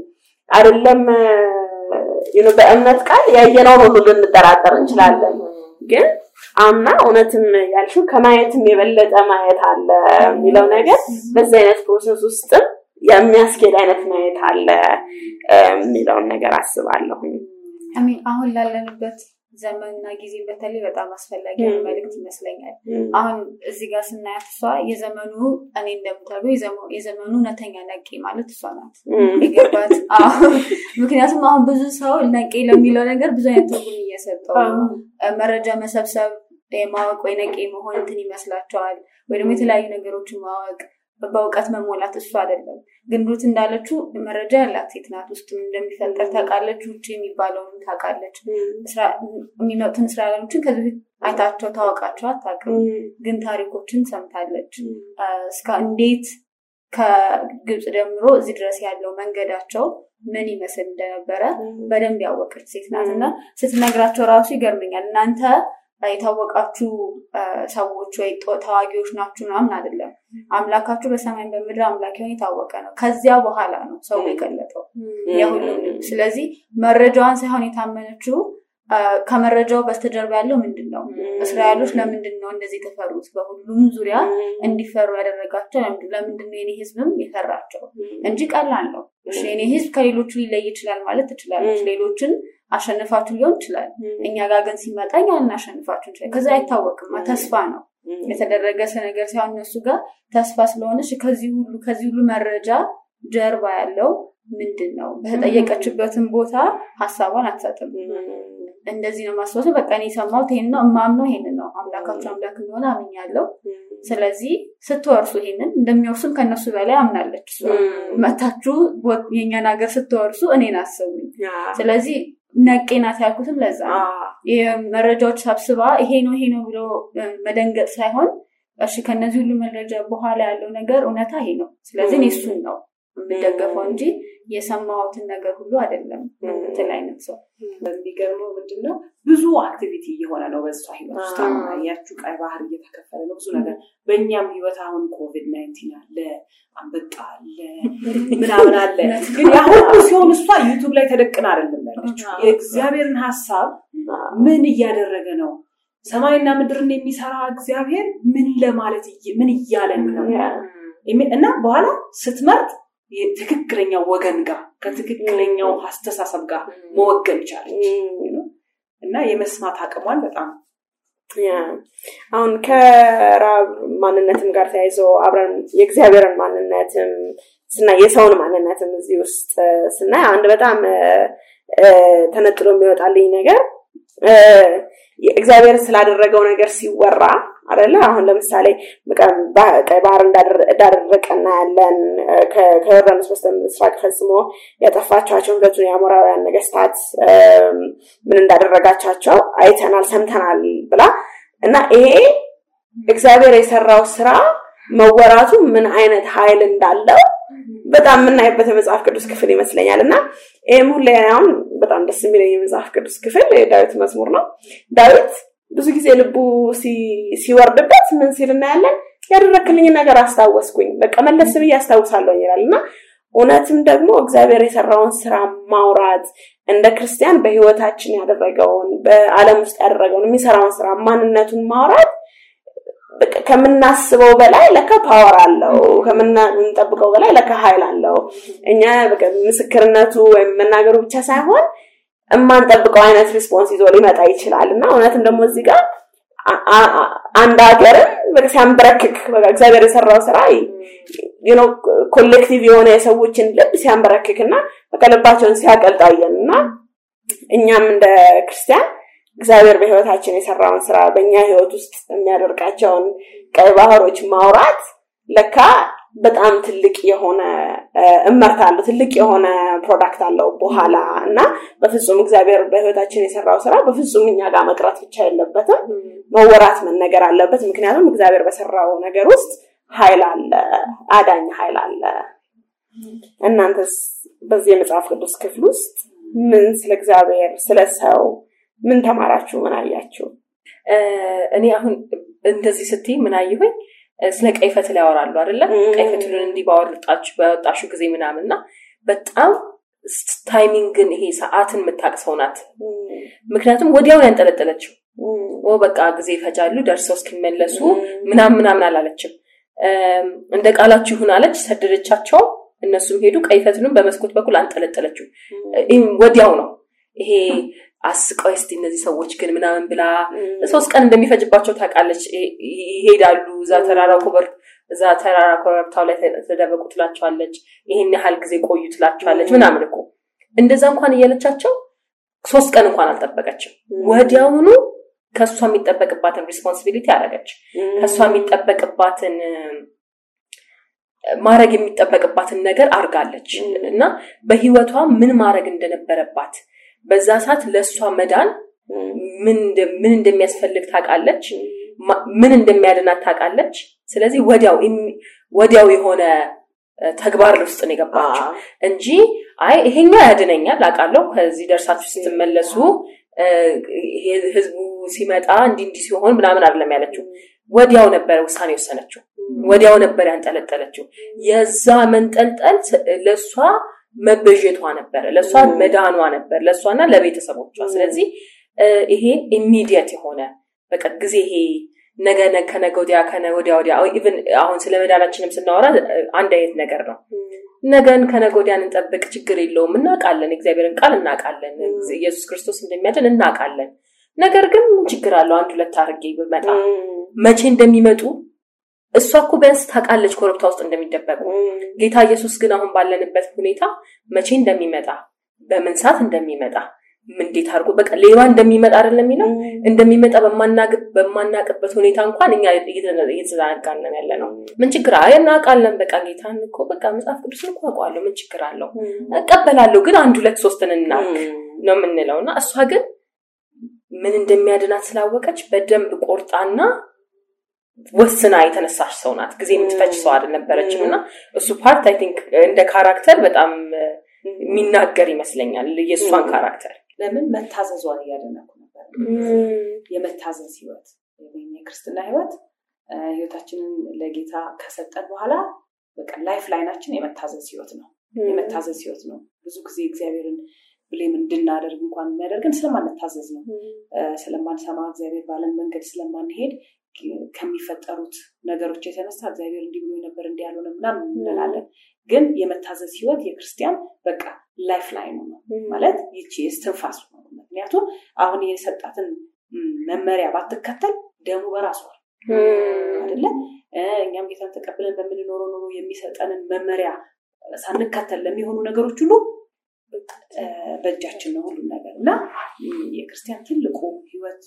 [SPEAKER 2] አይደለም ዩኖ በእምነት ቃል ያየነው ሁሉ ልንጠራጠር እንችላለን። ግን አምና እውነትም ያልሹ ከማየትም የበለጠ ማየት አለ የሚለው ነገር በዚህ አይነት ፕሮሰስ ውስጥም የሚያስኬድ አይነት ማየት አለ የሚለውን ነገር አስባለሁ።
[SPEAKER 3] አሚን። አሁን ላለንበት ዘመንና ጊዜ በተለይ በጣም አስፈላጊ መልክት ይመስለኛል። አሁን እዚህ ጋር ስናያት እሷ የዘመኑ እኔ እንደምታሉ የዘመኑ እውነተኛ ነቄ ማለት እሷ ናት። የገባት ምክንያቱም አሁን ብዙ ሰው ነቄ ለሚለው ነገር ብዙ አይነት ትርጉም እየሰጠው መረጃ መሰብሰብ ማወቅ ወይ ነቄ መሆን እንትን ይመስላቸዋል ወይ ደግሞ የተለያዩ ነገሮችን ማወቅ በእውቀት መሞላት እሱ አይደለም። ግን ሩት እንዳለችው መረጃ ያላት ሴት ናት። ውስጥ እንደሚፈጠር ታውቃለች። ውጭ የሚባለውን ታውቃለች። የሚመጡትን እስራኤላውያኖችን ከዚህ አይታቸው ታወቃቸው አታውቅም፣ ግን ታሪኮችን ሰምታለች። እስከ እንዴት ከግብፅ ጀምሮ እዚህ ድረስ ያለው መንገዳቸው ምን ይመስል እንደነበረ በደንብ ያወቀች ሴት ናት እና ስትነግራቸው ራሱ ይገርመኛል። እናንተ የታወቃችሁ ሰዎች ወይ ተዋጊዎች ናችሁ ምናምን አይደለም። አምላካችሁ በሰማይ በምድር አምላክ ሆን የታወቀ ነው። ከዚያ በኋላ ነው ሰው የገለጠው የሁሉ ስለዚህ መረጃዋን ሳይሆን የታመነችው ከመረጃው በስተጀርባ ያለው ምንድን ነው? እስራኤሎች ለምንድን ነው እንደዚህ የተፈሩት? በሁሉም ዙሪያ እንዲፈሩ ያደረጋቸው ለምንድን ነው? የኔ ህዝብም የፈራቸው እንጂ ቀላል ነው። የኔ ህዝብ ከሌሎቹ ሊለይ ይችላል ማለት ትችላለች። ሌሎችን አሸንፋችሁ ሊሆን ይችላል። እኛ ጋር ግን ሲመጣ ያንን አሸንፋችሁ ይችላል። ከዚ አይታወቅም። ተስፋ ነው የተደረገ ነገር ሲሆን እነሱ ጋር ተስፋ ስለሆነች ከዚህ ሁሉ ከዚህ ሁሉ መረጃ ጀርባ ያለው ምንድን ነው? በተጠየቀችበትን ቦታ ሀሳቧን አትሰጥም። እንደዚህ ነው ማስበሱ። በቃ እኔ የሰማሁት ይሄን ነው እማምነው፣ ይሄንን ነው አምላካቸው አምላክ እንደሆነ አምኛለሁ። ስለዚህ ስትወርሱ ይሄንን እንደሚወርሱም ከእነሱ በላይ አምናለች። መታችሁ የእኛን ሀገር ስትወርሱ እኔን አስቡኝ። ስለዚህ ነቄ ናት ያልኩትም ለዛ የመረጃዎች ሰብስባ ይሄ ነው ይሄ ነው ብሎ መደንገጥ ሳይሆን እሺ ከነዚህ ሁሉ መረጃ በኋላ ያለው ነገር እውነታ ይሄ ነው። ስለዚህ እሱን ነው የምደገፈው እንጂ የሰማሁትን ነገር ሁሉ አይደለም ምትል አይነት ሰው። የሚገርመው
[SPEAKER 4] ምንድነው ብዙ አክቲቪቲ እየሆነ ነው በሷ ህይወት ውስጥ ያችሁ ቀይ ባህር እየተከፈለ ነው ብዙ ነገር። በእኛም ህይወት አሁን ኮቪድ ናይንቲን አለ፣ አንበጣ አለ፣ ምናምን አለ። ግን ያሁሉ ሲሆን እሷ ዩቱብ ላይ ተደቅና አይደለም ያለችው። የእግዚአብሔርን ሀሳብ ምን እያደረገ ነው ሰማይና ምድርን የሚሰራ እግዚአብሔር ምን ለማለት ምን እያለን ነው እና በኋላ ስትመርጥ ትክክለኛው ወገን ጋር ከትክክለኛው አስተሳሰብ ጋር መወገን ቻለች
[SPEAKER 2] እና የመስማት አቅሟን በጣም አሁን ከራብ ማንነትም ጋር ተያይዞ አብረን የእግዚአብሔርን ማንነትም ስናይ የሰውን ማንነትም እዚህ ውስጥ ስናይ አንድ በጣም ተነጥሎ የሚወጣልኝ ነገር እግዚአብሔር ስላደረገው ነገር ሲወራ አደለ? አሁን ለምሳሌ ቀይ ባህር እንዳደረቀ እናያለን። ከዮርዳኖስ በስተ ምስራቅ ፈጽሞ ያጠፋቻቸው ሁለቱን የአሞራውያን ነገስታት ምን እንዳደረጋቻቸው አይተናል፣ ሰምተናል ብላ እና ይሄ እግዚአብሔር የሰራው ስራ መወራቱ ምን አይነት ኃይል እንዳለው በጣም የምናይበት የመጽሐፍ ቅዱስ ክፍል ይመስለኛል እና ይህም ሁሌ በጣም ደስ የሚለኝ የመጽሐፍ ቅዱስ ክፍል የዳዊት መዝሙር ነው። ዳዊት ብዙ ጊዜ ልቡ ሲወርድበት ምን ሲል እናያለን። ያደረክልኝ ነገር አስታወስኩኝ፣ በቃ መለስ ብዬ አስታውሳለሁ ይላል እና እውነትም ደግሞ እግዚአብሔር የሰራውን ስራ ማውራት እንደ ክርስቲያን በህይወታችን ያደረገውን በአለም ውስጥ ያደረገውን የሚሰራውን ስራ ማንነቱን ማውራት ከምናስበው በላይ ለከ ፓወር አለው፣ ከምንጠብቀው በላይ ለከ ኃይል አለው። እኛ ምስክርነቱ ወይም መናገሩ ብቻ ሳይሆን የማንጠብቀው አይነት ሪስፖንስ ይዞ ሊመጣ ይችላል እና እውነትም ደግሞ እዚህ ጋር አንድ ሀገርን ሲያንበረክክ እግዚአብሔር የሰራው ስራ ኮሌክቲቭ የሆነ የሰዎችን ልብ ሲያንበረክክ እና ልባቸውን ሲያቀልጣየን እና እኛም እንደ ክርስቲያን እግዚአብሔር በህይወታችን የሰራውን ስራ በእኛ ህይወት ውስጥ የሚያደርጋቸውን ቀይ ባህሮች ማውራት ለካ በጣም ትልቅ የሆነ እመርታ አለው፣ ትልቅ የሆነ ፕሮዳክት አለው በኋላ እና በፍጹም እግዚአብሔር በህይወታችን የሰራው ስራ በፍጹም እኛ ጋር መቅረት ብቻ የለበትም፣ መወራት መነገር አለበት። ምክንያቱም እግዚአብሔር በሰራው ነገር ውስጥ ኃይል አለ፣ አዳኝ ኃይል አለ። እናንተስ በዚህ የመጽሐፍ ቅዱስ ክፍል ውስጥ ምን ስለ እግዚአብሔር ስለ ሰው ምን ተማራችሁ? ምን አያችሁ? እኔ አሁን እንደዚህ ስትይ ምን
[SPEAKER 5] አየሁኝ ስለ ቀይ ፈትል ያወራሉ አደለ ቀይ ፈትሉን እንዲህ በወጣሹ ጊዜ ምናምን ና በጣም ታይሚንግን ይሄ ሰዓትን የምታቅሰው ናት። ምክንያቱም ወዲያው ያንጠለጠለችው በቃ ጊዜ ይፈጃሉ ደርሰው እስኪመለሱ ምናምን ምናምን አላለችም። እንደ ቃላችሁ ይሁን አለች፣ ሰደደቻቸው። እነሱም ሄዱ። ቀይ ፈትሉን በመስኮት በኩል አንጠለጠለችው። ወዲያው ነው ይሄ አስቀው ስቲ እነዚህ ሰዎች ግን ምናምን ብላ ሶስት ቀን እንደሚፈጅባቸው ታውቃለች። ይሄዳሉ እዛ ተራራ ኮበር እዛ ተራራ ኮረብታው ላይ ተደበቁ ትላቸዋለች። ይህን ያህል ጊዜ ቆዩ ትላቸዋለች ምናምን እኮ እንደዛ እንኳን እያለቻቸው ሶስት ቀን እንኳን አልጠበቀችም። ወዲያውኑ ከእሷ የሚጠበቅባትን ሪስፖንሲቢሊቲ አደረገች። ከእሷ የሚጠበቅባትን ማድረግ የሚጠበቅባትን ነገር አድርጋለች እና በህይወቷ ምን ማድረግ እንደነበረባት በዛ ሰዓት ለእሷ መዳን ምን እንደሚያስፈልግ ታውቃለች፣ ምን እንደሚያድናት ታውቃለች። ስለዚህ ወዲያው ወዲያው የሆነ ተግባር ውስጥ ነው የገባችው እንጂ አይ ይሄኛው ያድነኛል አውቃለሁ፣ ከዚህ ደርሳችሁ ስትመለሱ ህዝቡ ሲመጣ እንዲህ እንዲህ ሲሆን ምናምን አይደለም ያለችው። ወዲያው ነበረ ውሳኔ የወሰነችው፣ ወዲያው ነበር ያንጠለጠለችው። የዛ መንጠልጠል ለእሷ መበጀቷ ነበረ፣ ለእሷ መዳኗ ነበር፣ ለእሷና ለቤተሰቦቿ። ስለዚህ ይሄ ኢሚዲየት የሆነ በቃ ጊዜ ይሄ ነገ ከነገ ወዲያ ከነወዲያ ወዲያ ኢቨን አሁን ስለ መዳናችንም ስናወራ አንድ አይነት ነገር ነው። ነገን ከነገ ወዲያን እንጠብቅ፣ ችግር የለውም እናውቃለን፣ እግዚአብሔርን ቃል እናውቃለን፣ ኢየሱስ ክርስቶስ እንደሚያድን እናውቃለን። ነገር ግን ምን ችግር አለው አንድ ሁለት አርጌ ብመጣ መቼ እንደሚመጡ እሷ እኮ ቢያንስ ታውቃለች ኮረብታ ውስጥ እንደሚደበቁ። ጌታ ኢየሱስ ግን አሁን ባለንበት ሁኔታ መቼ እንደሚመጣ በምን ሰዓት እንደሚመጣ እንዴት አድርጎ በቃ ሌባ እንደሚመጣ አይደለም የሚለው እንደሚመጣ በማናቅበት ሁኔታ እንኳን እኛ እየተዘናጋን ያለ ነው። ምን ችግር አይ እናውቃለን። በቃ ጌታን እኮ በቃ መጽሐፍ ቅዱስን እኮ አውቀዋለሁ። ምን ችግር አለው? እቀበላለሁ። ግን አንድ ሁለት ሶስትን እናውቅ ነው የምንለው እና እሷ ግን ምን እንደሚያድናት ስላወቀች በደንብ ቆርጣና ወስና የተነሳሽ ሰው ናት። ጊዜ የምትፈጅ ሰው አልነበረችም እና እሱ ፓርት አይ ቲንክ እንደ ካራክተር በጣም
[SPEAKER 4] የሚናገር
[SPEAKER 5] ይመስለኛል የእሷን ካራክተር።
[SPEAKER 4] ለምን መታዘዟን እያደነኩ ነበር። የመታዘዝ ህይወት ወይም የክርስትና ህይወት ህይወታችንን ለጌታ ከሰጠን በኋላ በቃ ላይፍ ላይናችን የመታዘዝ ህይወት ነው። የመታዘዝ ህይወት ነው። ብዙ ጊዜ እግዚአብሔርን ብሌም እንድናደርግ እንኳን የሚያደርግን ስለማንታዘዝ ነው። ስለማንሰማ እግዚአብሔር ባለን መንገድ ስለማንሄድ ከሚፈጠሩት ነገሮች የተነሳ እግዚአብሔር እንዲህ ብሎ ነበር እንዲህ ያልሆነ ምናምን እንላለን። ግን የመታዘዝ ህይወት የክርስቲያን በቃ ላይፍ ላይኑ ነው ማለት ይቺ እስትንፋሱ ነው። ምክንያቱም አሁን የሰጣትን መመሪያ ባትከተል ደሙ በራሱ አደለ? እኛም ጌታን ተቀብለን በምንኖረው ኖሮ የሚሰጠንን መመሪያ ሳንከተል ለሚሆኑ ነገሮች ሁሉ በእጃችን ነው ሁሉም ነገር እና የክርስቲያን ትልቁ ህይወት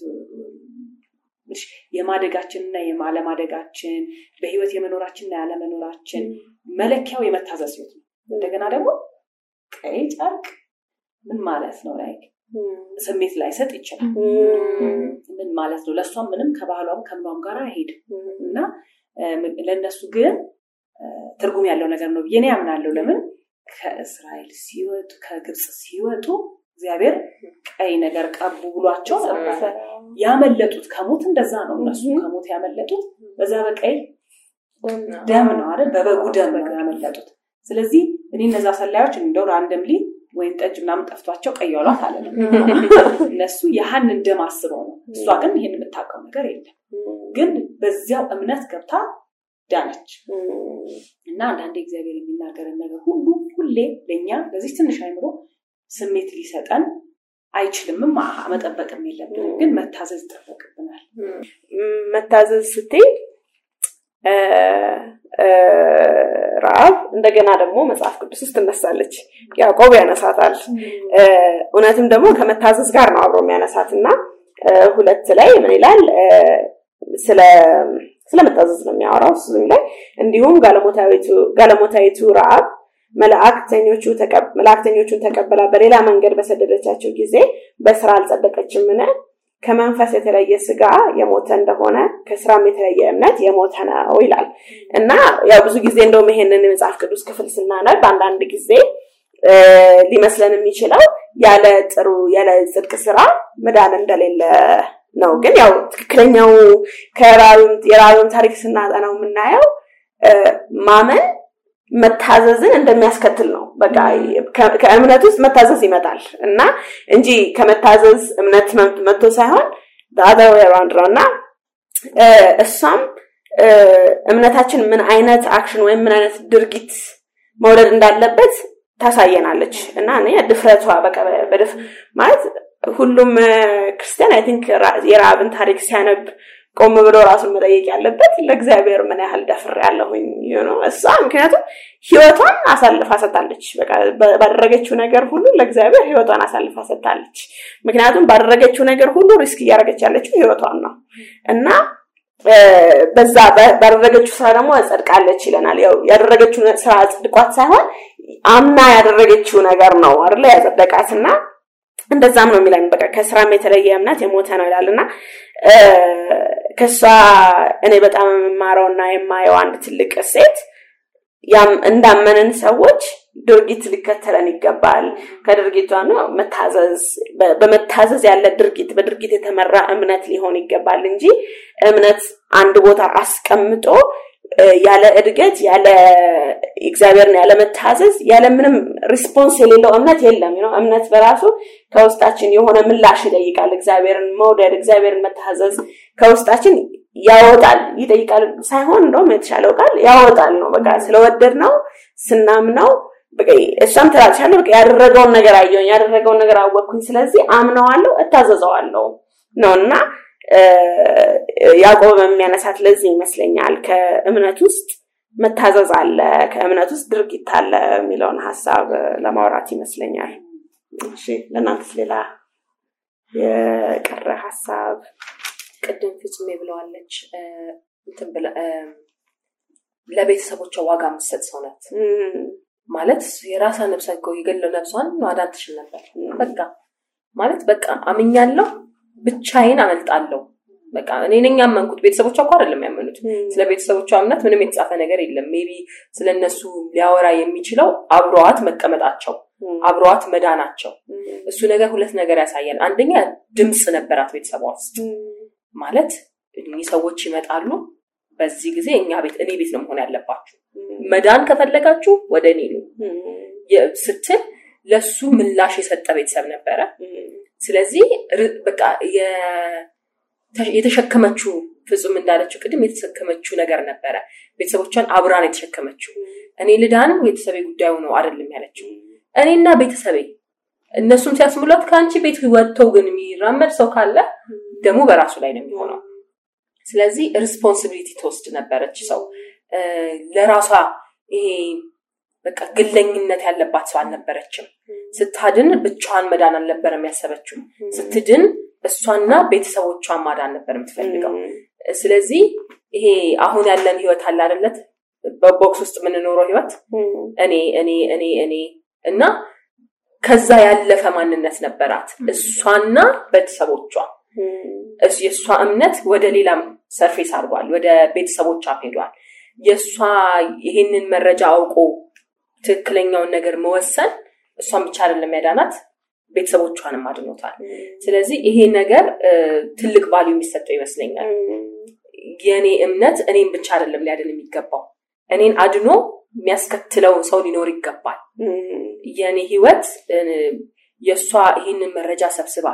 [SPEAKER 4] የማደጋችንና የማለማደጋችን በህይወት የመኖራችንና ያለመኖራችን መለኪያው የመታዘዝ ህይወት ነው። እንደገና ደግሞ ቀይ ጨርቅ ምን ማለት ነው ላይ ስሜት ላይሰጥ ይችላል። ምን ማለት ነው? ለእሷም ምንም ከባህሏም ከምኗም ጋር አይሄድም እና ለእነሱ ግን ትርጉም ያለው ነገር ነው ብዬ እኔ ያምናለሁ። ለምን ከእስራኤል ሲወጡ ከግብፅ ሲወጡ እግዚአብሔር ቀይ ነገር ቀቡ ብሏቸው ያመለጡት ከሞት እንደዛ ነው። እነሱ ከሞት ያመለጡት በዛ በቀይ ደም ነው አይደል? በበጉ ደም ነው ያመለጡት። ስለዚህ እኔ እነዛ ሰላዮች እንደው ራንደምሊ ወይን ጠጅ ምናምን ጠፍቷቸው ቀይ ዋሏት አለ እነሱ ያህንን ደም አስበው ነው። እሷ ግን ይህን የምታውቀው ነገር የለም። ግን በዚያው እምነት ገብታ ዳነች እና አንዳንዴ እግዚአብሔር የሚናገርን ነገር ሁሉ ሁሌ ለእኛ በዚህ ትንሽ አይምሮ ስሜት ሊሰጠን አይችልምም። መጠበቅም የለብንም፣ ግን መታዘዝ ይጠበቅብናል።
[SPEAKER 2] መታዘዝ ስትይ ረአብ እንደገና ደግሞ መጽሐፍ ቅዱስ ውስጥ ትነሳለች፣ ያዕቆብ ያነሳታል። እውነትም ደግሞ ከመታዘዝ ጋር ነው አብሮ የሚያነሳት እና ሁለት ላይ ምን ይላል? ስለመታዘዝ ነው የሚያወራው። ላይ እንዲሁም ጋለሞታዊቱ ረአብ መላእክተኞቹን ተቀብላ በሌላ መንገድ በሰደደቻቸው ጊዜ በስራ አልጸደቀችምን? ከመንፈስ የተለየ ስጋ የሞተ እንደሆነ ከስራም የተለየ እምነት የሞተ ነው ይላል እና ያው ብዙ ጊዜ እንደውም ይሄንን የመጽሐፍ ቅዱስ ክፍል ስናነብ አንዳንድ ጊዜ ሊመስለን የሚችለው ያለ ጥሩ ያለ ጽድቅ ስራ መዳን እንደሌለ ነው። ግን ያው ትክክለኛው የራእዩን ታሪክ ስናጠነው የምናየው ማመን መታዘዝን እንደሚያስከትል ነው። በቃ ከእምነት ውስጥ መታዘዝ ይመጣል እና እንጂ ከመታዘዝ እምነት መጥቶ ሳይሆን አዘር ዌይ ነው እና እሷም እምነታችን ምን አይነት አክሽን ወይም ምን አይነት ድርጊት መውለድ እንዳለበት ታሳየናለች እና እ ድፍረቷ በደፍ ማለት ሁሉም ክርስቲያን አይ ቲንክ የረአብን ታሪክ ሲያነብ ቆም ብሎ ራሱን መጠየቅ ያለበት ለእግዚአብሔር ምን ያህል ደፍር ያለሁኝ ነው እሷ። ምክንያቱም ህይወቷን አሳልፋ ሰታለች። ባደረገችው ነገር ሁሉ ለእግዚአብሔር ህይወቷን አሳልፋ ሰታለች ምክንያቱም ባደረገችው ነገር ሁሉ ሪስክ እያደረገች ያለችው ህይወቷን ነው እና በዛ ባደረገችው ስራ ደግሞ አጸድቃለች ይለናል። ያው ያደረገችው ስራ አጽድቋት ሳይሆን አምና ያደረገችው ነገር ነው አይደለ ያጸደቃትና እንደዛም ነው የሚለን። በቃ ከስራም የተለየ እምነት የሞተ ነው ይላል እና ከሷ እኔ በጣም የምማረው እና የማየው አንድ ትልቅ እሴት እንዳመንን ሰዎች ድርጊት ሊከተለን ይገባል። ከድርጊቷ ነው መታዘዝ፣ በመታዘዝ ያለ ድርጊት፣ በድርጊት የተመራ እምነት ሊሆን ይገባል እንጂ እምነት አንድ ቦታ አስቀምጦ ያለ እድገት ያለ እግዚአብሔርን ያለ መታዘዝ ያለ ምንም ሪስፖንስ የሌለው እምነት የለም ነው እምነት በራሱ ከውስጣችን የሆነ ምላሽ ይጠይቃል እግዚአብሔርን መውደድ እግዚአብሔርን መታዘዝ ከውስጣችን ያወጣል ይጠይቃል ሳይሆን እንደውም የተሻለው ቃል ያወጣል ነው በቃ ስለወደድ ነው ስናም ነው እሷም ትላልሻለሁ በቃ ያደረገውን ነገር አየሁኝ ያደረገውን ነገር አወቅኩኝ ስለዚህ አምነዋለው እታዘዘዋለው ነው እና ያቆበ የሚያነሳት ለዚህ ይመስለኛል ከእምነት ውስጥ መታዘዝ አለ፣ ከእምነት ውስጥ ድርጊት አለ የሚለውን ሀሳብ ለማውራት ይመስለኛል። ለእናንተስ ሌላ የቀረ
[SPEAKER 5] ሀሳብ? ቅድም ፍጹሜ ብለዋለች ለቤተሰቦቿ ዋጋ የምትሰጥ ሰው ማለት የራሳ ነብሰ የገለው ነብሷን ማዳን ትችል ነበር። በቃ ማለት በቃ አምኛለሁ ብቻዬን አመልጣለሁ። በቃ እኔ ነኝ ያመንኩት። ቤተሰቦቿ እኮ አይደለም ያመኑት። ስለ ቤተሰቦቿ እምነት ምንም የተጻፈ ነገር የለም። ሜቢ ስለ እነሱ ሊያወራ የሚችለው አብረዋት መቀመጣቸው፣ አብረዋት መዳናቸው። እሱ ነገር ሁለት ነገር ያሳያል። አንደኛ ድምፅ ነበራት ቤተሰቧ ውስጥ ማለት እኚህ ሰዎች ይመጣሉ፣ በዚህ ጊዜ እኛ ቤት እኔ ቤት ነው መሆን ያለባችሁ፣ መዳን ከፈለጋችሁ ወደ እኔ ነው ስትል ለሱ ምላሽ የሰጠ ቤተሰብ ነበረ። ስለዚህ በቃ የተሸከመችው ፍጹም እንዳለችው ቅድም የተሸከመችው ነገር ነበረ። ቤተሰቦቿን አብራን የተሸከመችው። እኔ ልዳን ቤተሰቤ ጉዳዩ ነው አይደለም ያለችው። እኔና ቤተሰቤ እነሱም ሲያስምሏት ከአንቺ ቤት ወጥተው ግን የሚራመድ ሰው ካለ ደግሞ በራሱ ላይ ነው የሚሆነው። ስለዚህ ሪስፖንሲቢሊቲ ትወስድ ነበረች ሰው ለራሷ ይሄ በቃ ግለኝነት ያለባት ሰው አልነበረችም። ስታድን ብቻዋን መዳን አልነበረም ያሰበችው። ስትድን እሷና ቤተሰቦቿን ማዳን ነበር የምትፈልገው። ስለዚህ ይሄ አሁን ያለን ህይወት አለ በቦክስ ውስጥ የምንኖረው ህይወት እኔ እኔ እኔ እኔ እና ከዛ ያለፈ ማንነት ነበራት እሷና ቤተሰቦቿ። የእሷ እምነት ወደ ሌላም ሰርፌስ አድርጓል፣ ወደ ቤተሰቦቿ ሄዷል። የእሷ ይሄንን መረጃ አውቆ ትክክለኛውን ነገር መወሰን እሷን ብቻ አይደለም ያዳናት ቤተሰቦቿንም አድኖታል። ስለዚህ ይሄ ነገር ትልቅ ቫሊዩ የሚሰጠው ይመስለኛል። የእኔ እምነት እኔን ብቻ አይደለም ሊያድን የሚገባው እኔን አድኖ የሚያስከትለው ሰው ሊኖር ይገባል። የእኔ ህይወት የእሷ ይህንን መረጃ ሰብስባ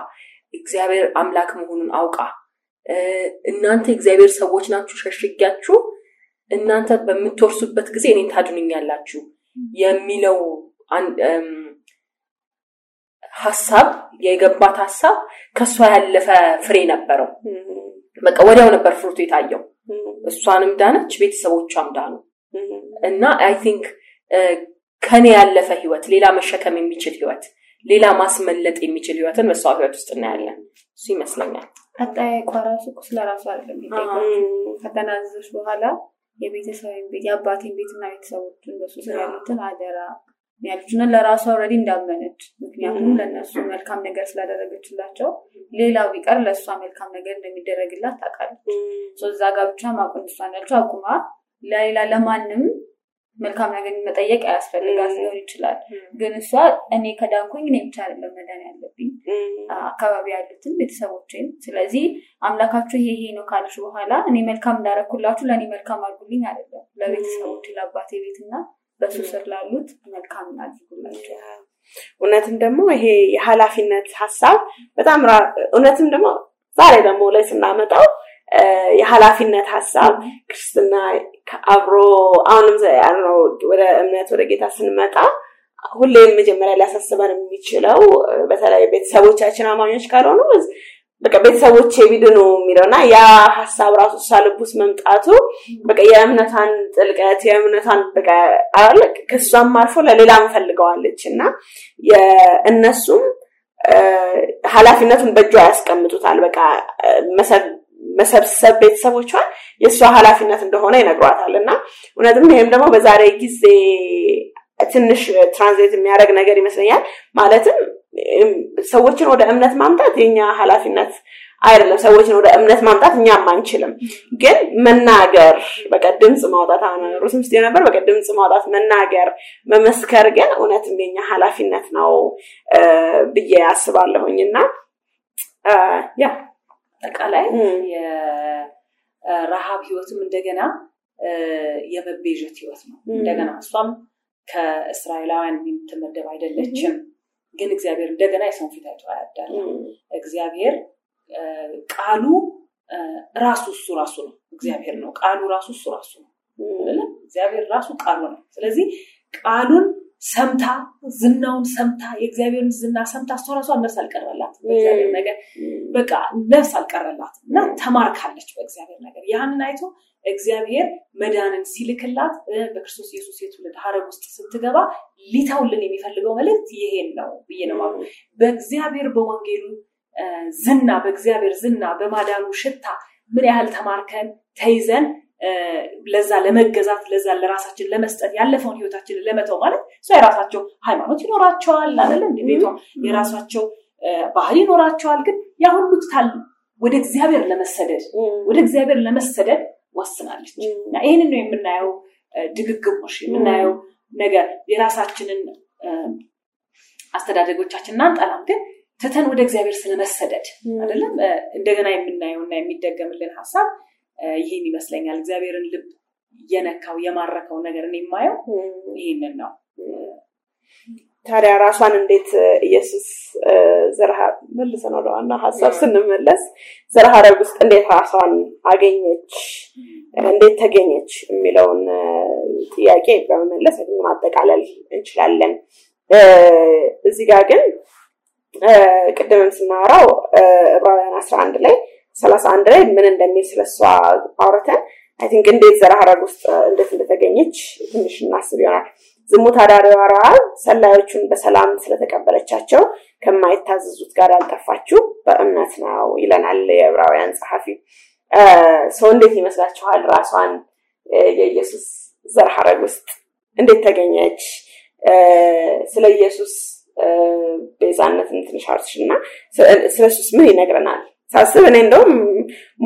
[SPEAKER 5] እግዚአብሔር አምላክ መሆኑን አውቃ እናንተ እግዚአብሔር ሰዎች ናችሁ ሸሽጊያችሁ እናንተ በምትወርሱበት ጊዜ እኔን ታድኑኛላችሁ የሚለው ሀሳብ የገባት ሀሳብ ከእሷ ያለፈ ፍሬ ነበረው። በቃ ወዲያው ነበር ፍሩቱ የታየው። እሷንም ዳነች፣ ቤተሰቦቿም ዳኑ እና አይ ቲንክ ከኔ ያለፈ ህይወት፣ ሌላ መሸከም የሚችል ህይወት፣ ሌላ ማስመለጥ የሚችል ህይወትን በሷ ህይወት ውስጥ እናያለን። እሱ ይመስለኛል
[SPEAKER 3] አጠያየቋ ራሱ ስለ አለ ከታናዘዞች በኋላ የቤተሰብን ቤት የአባቴን ቤትና ቤተሰቦችን በሱ ስር ያሉትን አደራ ያለችና ለራሱ አልሬዲ እንዳመነች ምክንያቱም ለእነሱ መልካም ነገር ስላደረገችላቸው ሌላ ቢቀር ለእሷ መልካም ነገር እንደሚደረግላት ታውቃለች። እዛ ጋር ብቻ ማቆም እሷ እንዳልቸው አቁማ ለሌላ ለማንም መልካም ነገር መጠየቅ አያስፈልጋት ሊሆን ይችላል። ግን እሷ እኔ ከዳንኩኝ እኔ ብቻ አይደለም መዳን ያለብኝ አካባቢ ያሉትን ቤተሰቦችን። ስለዚህ አምላካችሁ ይሄ ይሄ ነው ካልሽ በኋላ እኔ መልካም እንዳረኩላችሁ ለእኔ መልካም አድርጉልኝ አይደለም፣ ለቤተሰቦች ለአባቴ ቤትና በሱ ስር ላሉት መልካም
[SPEAKER 2] አድርጉላቸው። እውነትም ደግሞ ይሄ የኃላፊነት ሀሳብ በጣም እውነትም ደግሞ ዛሬ ደግሞ ላይ ስናመጣው የሀላፊነት ሀሳብ ክርስትና አብሮ አሁንም ወደ እምነት ወደ ጌታ ስንመጣ ሁሌም መጀመሪያ ሊያሳስበን የሚችለው በተለይ ቤተሰቦቻችን አማኞች ካልሆኑ በቃ ቤተሰቦቼ የሚለው እና ያ ሀሳብ ራሱ ሳልቡስ ልቡስ መምጣቱ በቃ የእምነቷን ጥልቀት የእምነቷን በቃ ከሷም አልፎ ለሌላም ፈልገዋለች እና እነሱም ሀላፊነቱን በእጇ ያስቀምጡታል። በቃ መሰብሰብ ቤተሰቦቿን የእሷ ኃላፊነት እንደሆነ ይነግሯታል እና እውነትም ይህም ደግሞ በዛሬ ጊዜ ትንሽ ትራንስሌት የሚያደርግ ነገር ይመስለኛል። ማለትም ሰዎችን ወደ እምነት ማምጣት የኛ ሀላፊነት አይደለም። ሰዎችን ወደ እምነት ማምጣት እኛም አንችልም። ግን መናገር በቃ ድምፅ ማውጣት ሩስም ስ ነበር በቃ ድምፅ ማውጣት፣ መናገር፣ መመስከር ግን እውነትም የኛ ኃላፊነት ነው ብዬ አስባለሁኝ እና ያ
[SPEAKER 4] አጠቃላይ የረሃብ ህይወትም እንደገና የመቤዠት ህይወት ነው። እንደገና እሷም ከእስራኤላውያን የምትመደብ አይደለችም። ግን እግዚአብሔር እንደገና የሰውን ፊት አይቶ ያዳል። እግዚአብሔር ቃሉ ራሱ እሱ ራሱ ነው። እግዚአብሔር ነው ቃሉ ራሱ እሱ ራሱ ነው። እግዚአብሔር ራሱ ቃሉ ነው። ስለዚህ ቃሉን ሰምታ ዝናውን ሰምታ የእግዚአብሔርን ዝና ሰምታ እሷ ራሱ አነሳ አልቀርበላት በእግዚአብሔር ነገር በቃ ነፍስ አልቀረላትም እና ተማርካለች በእግዚአብሔር ነገር። ያንን አይቶ እግዚአብሔር መዳንን ሲልክላት በክርስቶስ ኢየሱስ የትውልድ ሀረግ ውስጥ ስትገባ ሊተውልን የሚፈልገው መልእክት ይሄን ነው ብዬ ነው በእግዚአብሔር በወንጌሉ ዝና በእግዚአብሔር ዝና በማዳኑ ሽታ ምን ያህል ተማርከን ተይዘን ለዛ ለመገዛት ለዛ ለራሳችን ለመስጠት ያለፈውን ህይወታችንን ለመተው ማለት እሷ የራሳቸው ሃይማኖት ይኖራቸዋል አለ ቤቷ የራሳቸው ባህል ይኖራቸዋል። ግን ያ ሁሉ ትታል ወደ እግዚአብሔር ለመሰደድ ወደ እግዚአብሔር ለመሰደድ ወስናለች እና ይህንን ነው የምናየው ድግግሞሽ የምናየው ነገር የራሳችንን አስተዳደጎቻችን እናንጠላም፣ ግን ትተን ወደ እግዚአብሔር ስለመሰደድ አይደለም እንደገና የምናየው እና የሚደገምልን ሀሳብ ይህን ይመስለኛል። እግዚአብሔርን ልብ የነካው የማረከው ነገር የማየው ይህንን ነው።
[SPEAKER 2] ታዲያ ራሷን እንዴት ኢየሱስ ዘርሃ መልሰን ወደ ዋና ሀሳብ ስንመለስ ዘርሃ ረግ ውስጥ እንዴት ራሷን አገኘች እንዴት ተገኘች የሚለውን ጥያቄ በመመለስ ማጠቃለል እንችላለን እዚህ ጋር ግን ቅድምም ስናወራው ዕብራውያን አስራ አንድ ላይ ሰላሳ አንድ ላይ ምን እንደሚል ስለሷ አውርተን አይ ቲንክ እንዴት ዘርሃ ረግ ውስጥ እንዴት እንደተገኘች ትንሽ እናስብ ይሆናል ዝሙት አዳሪዋ ረሃብ ሰላዮቹን በሰላም ስለተቀበለቻቸው ከማይታዘዙት ጋር ያልጠፋችሁ በእምነት ነው ይለናል የዕብራውያን ጸሐፊ። ሰው እንዴት ይመስላችኋል? ራሷን የኢየሱስ ዘር ሐረግ ውስጥ እንዴት ተገኘች? ስለ ኢየሱስ ቤዛነት ትንሽ እና ስለ ሱስ ምን ይነግረናል? ሳስብ እኔ እንደውም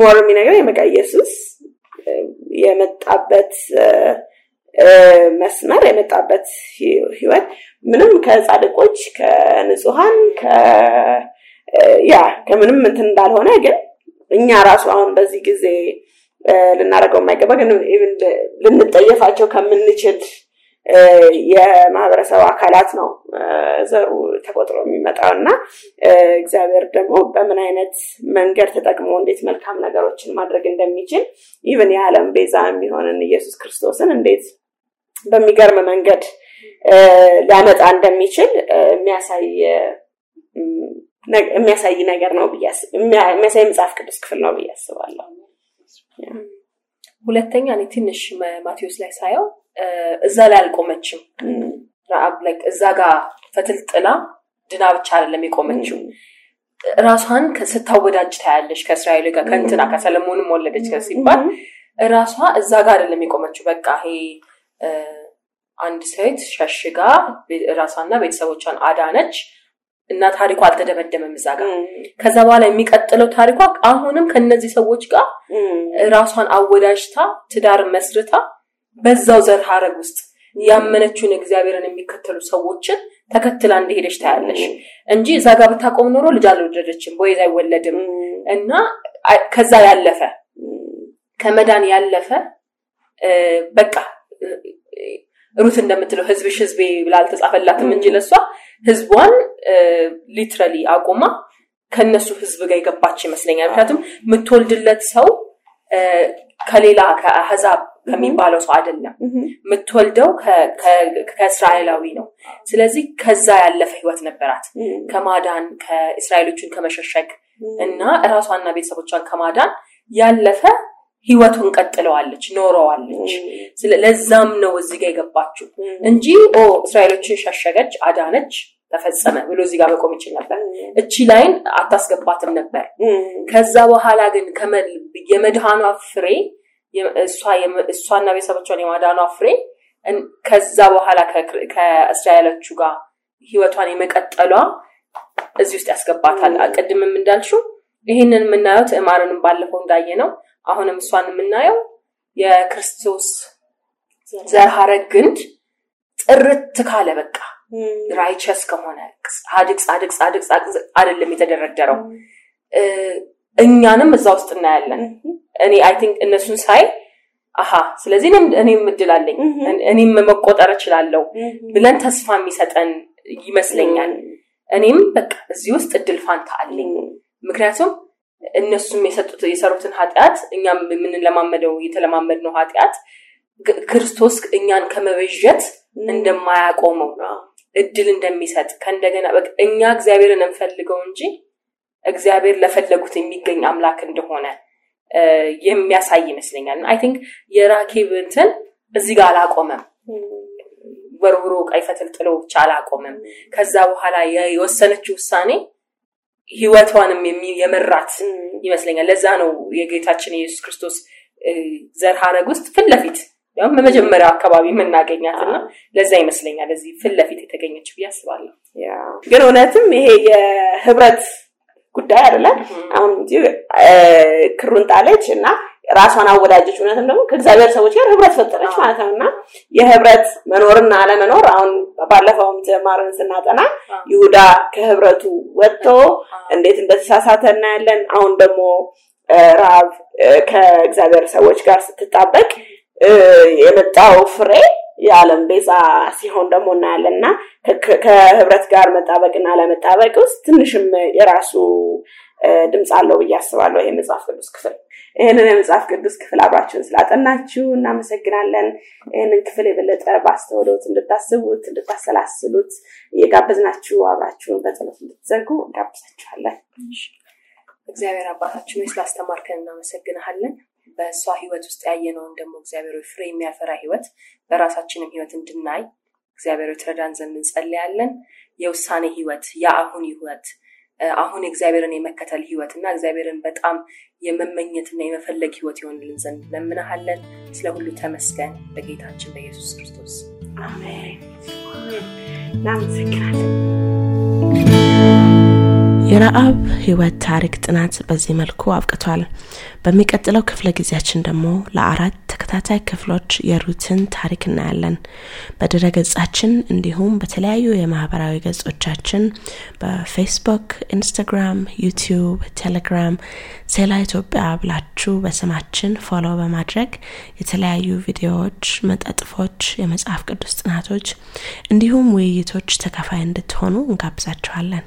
[SPEAKER 2] ሞር የሚነግረ የመቃ ኢየሱስ የመጣበት መስመር የመጣበት ህይወት ምንም ከጻድቆች ከንጹሀን ያ ከምንም እንትን እንዳልሆነ ግን እኛ ራሱ አሁን በዚህ ጊዜ ልናደርገው የማይገባ ግን ልንጠየፋቸው ከምንችል የማህበረሰብ አካላት ነው ዘሩ ተቆጥሮ የሚመጣው እና እግዚአብሔር ደግሞ በምን አይነት መንገድ ተጠቅሞ እንዴት መልካም ነገሮችን ማድረግ እንደሚችል ይብን የዓለም ቤዛ የሚሆንን ኢየሱስ ክርስቶስን እንዴት በሚገርም መንገድ ሊያመጣ እንደሚችል የሚያሳይ ነገር ነው የሚያሳይ መጽሐፍ ቅዱስ ክፍል ነው ብዬ አስባለሁ።
[SPEAKER 5] ሁለተኛ እኔ ትንሽ ማቴዎስ ላይ ሳየው እዛ ላይ አልቆመችም። ረአብ እዛ ጋር ፈትል ጥላ ድና ብቻ አይደለም የቆመችው ራሷን ስታወዳጅ ታያለች ከእስራኤል ጋር ከንትና ከሰለሞንም ወለደች ሲባል ራሷ እዛ ጋር አይደለም የቆመችው። በቃ ይሄ አንድ ሴት ሸሽጋ ራሷና ቤተሰቦቿን አዳነች እና ታሪኳ አልተደመደመም እዛ ጋር። ከዛ በኋላ የሚቀጥለው ታሪኳ አሁንም ከነዚህ ሰዎች ጋር ራሷን አወዳጅታ ትዳር መስርታ በዛው ዘር ሀረግ ውስጥ ያመነችውን እግዚአብሔርን የሚከተሉ ሰዎችን ተከትላ እንደሄደች ታያለሽ እንጂ እዛ ጋር ብታቆም ኖሮ ልጅ አልወለደችም፣ ወይ አይወለድም እና ከዛ ያለፈ ከመዳን ያለፈ በቃ ሩት እንደምትለው ህዝብሽ ህዝቤ ብላ አልተጻፈላትም እንጂ ለሷ ህዝቧን ሊትራሊ አቁማ ከነሱ ህዝብ ጋር የገባች ይመስለኛል። ምክንያቱም የምትወልድለት ሰው ከሌላ ከአህዛብ ከሚባለው ሰው አይደለም፣ የምትወልደው ከእስራኤላዊ ነው። ስለዚህ ከዛ ያለፈ ህይወት ነበራት ከማዳን ከእስራኤሎችን ከመሸሸግ እና እራሷና ቤተሰቦቿን ከማዳን ያለፈ ህይወቱን ቀጥለዋለች፣ ኖረዋለች። ለዛም ነው እዚህ ጋር የገባችው እንጂ ኦ እስራኤሎችን ሸሸገች፣ አዳነች፣ ተፈጸመ ብሎ እዚህ ጋር መቆም ይችል ነበር። እቺ ላይን አታስገባትም ነበር። ከዛ በኋላ ግን የመድሃኗ ፍሬ እሷና ቤተሰቦቿን የማዳኗ ፍሬ ከዛ በኋላ ከእስራኤሎቹ ጋር ህይወቷን የመቀጠሏ እዚህ ውስጥ ያስገባታል። ቅድምም እንዳልሹ ይህንን የምናየው ትዕማርንም ባለፈው እንዳየ ነው አሁንም እሷን የምናየው የክርስቶስ ዘር ሐረግ ግንድ ጥርት ካለ በቃ ራይቸስ ከሆነ ጻድቅ ጻድቅ ጻድቅ አይደለም የተደረደረው። እኛንም እዛ ውስጥ እናያለን። እኔ አይ ቲንክ እነሱን ሳይ አሀ ስለዚህ እኔም እድል እኔም መቆጠር እችላለሁ ብለን ተስፋ የሚሰጠን ይመስለኛል። እኔም በቃ እዚህ ውስጥ እድል ፋንታ አለኝ ምክንያቱም እነሱም የሰጡት የሰሩትን ኃጢአት እኛም የምንለማመደው ነው ኃጢአት ክርስቶስ እኛን ከመበጀት እንደማያቆመው እድል እንደሚሰጥ ከእንደገና እኛ እግዚአብሔርን እንፈልገው እንጂ እግዚአብሔር ለፈለጉት የሚገኝ አምላክ እንደሆነ የሚያሳይ ይመስለኛል። አይ ቲንክ የራኬብ እንትን እዚህ ጋር አላቆመም። ወርውሮ ቀይ ፈትል ጥሎ ብቻ አላቆመም። ከዛ በኋላ የወሰነችው ውሳኔ ህይወቷንም የመራት ይመስለኛል። ለዛ ነው የጌታችን የኢየሱስ ክርስቶስ ዘር ሀረግ ውስጥ ፊት ለፊት ያውም በመጀመሪያው አካባቢ የምናገኛት እና ለዛ ይመስለኛል እዚህ ፍለፊት ለፊት የተገኘች ብዬ
[SPEAKER 2] አስባለሁ። ግን እውነትም ይሄ የህብረት ጉዳይ አይደለም። አሁን ክሩን ጣለች እና ራሷን አወዳጀች። እውነትም ደግሞ ከእግዚአብሔር ሰዎች ጋር ህብረት ፈጠረች ማለት ነው እና የህብረት መኖርና አለመኖር አሁን ባለፈውም ትማርን ስናጠና ይሁዳ ከህብረቱ ወጥቶ እንዴት እንደተሳሳተ እናያለን። አሁን ደግሞ ራብ ከእግዚአብሔር ሰዎች ጋር ስትጣበቅ የመጣው ፍሬ የዓለም ቤዛ ሲሆን ደግሞ እናያለን እና ከህብረት ጋር መጣበቅና አለመጣበቅ ውስጥ ትንሽም የራሱ ድምፅ አለው ብዬ አስባለሁ ይህ መጽሐፍ ቅዱስ ክፍል። ይህንን የመጽሐፍ ቅዱስ ክፍል አብራችሁን ስላጠናችሁ እናመሰግናለን። ይህንን ክፍል የበለጠ በአስተውሎት እንድታስቡት፣ እንድታሰላስሉት እየጋበዝናችሁ አብራችሁን በጸሎት እንድትዘጉ እንጋብዛችኋለን።
[SPEAKER 5] እግዚአብሔር አባታችን ወይ ስላስተማርከን እናመሰግናሃለን። በእሷ ህይወት ውስጥ ያየነውን ደግሞ እግዚአብሔር ፍሬ የሚያፈራ ህይወት በራሳችንም ህይወት እንድናይ እግዚአብሔር ትረዳን ዘንድ እንጸለያለን። የውሳኔ ህይወት፣ የአሁን ህይወት አሁን እግዚአብሔርን የመከተል ህይወት እና እግዚአብሔርን በጣም የመመኘትና የመፈለግ ህይወት ይሆንልን ዘንድ ለምናሃለን። ስለ ሁሉ ተመስገን በጌታችን በኢየሱስ ክርስቶስ አሜን። እናመሰግናለን።
[SPEAKER 1] የረአብ ህይወት ታሪክ ጥናት በዚህ መልኩ አብቅቷል። በሚቀጥለው ክፍለ ጊዜያችን ደግሞ ለአራት ተከታታይ ክፍሎች የሩትን ታሪክ እናያለን። በድረ ገጻችን እንዲሁም በተለያዩ የማህበራዊ ገጾቻችን በፌስቡክ፣ ኢንስታግራም፣ ዩቲዩብ፣ ቴሌግራም፣ ሴላ ኢትዮጵያ ብላችሁ በስማችን ፎሎ በማድረግ የተለያዩ ቪዲዮዎች፣ መጠጥፎች፣ የመጽሐፍ ቅዱስ ጥናቶች እንዲሁም ውይይቶች ተካፋይ እንድትሆኑ እንጋብዛችኋለን።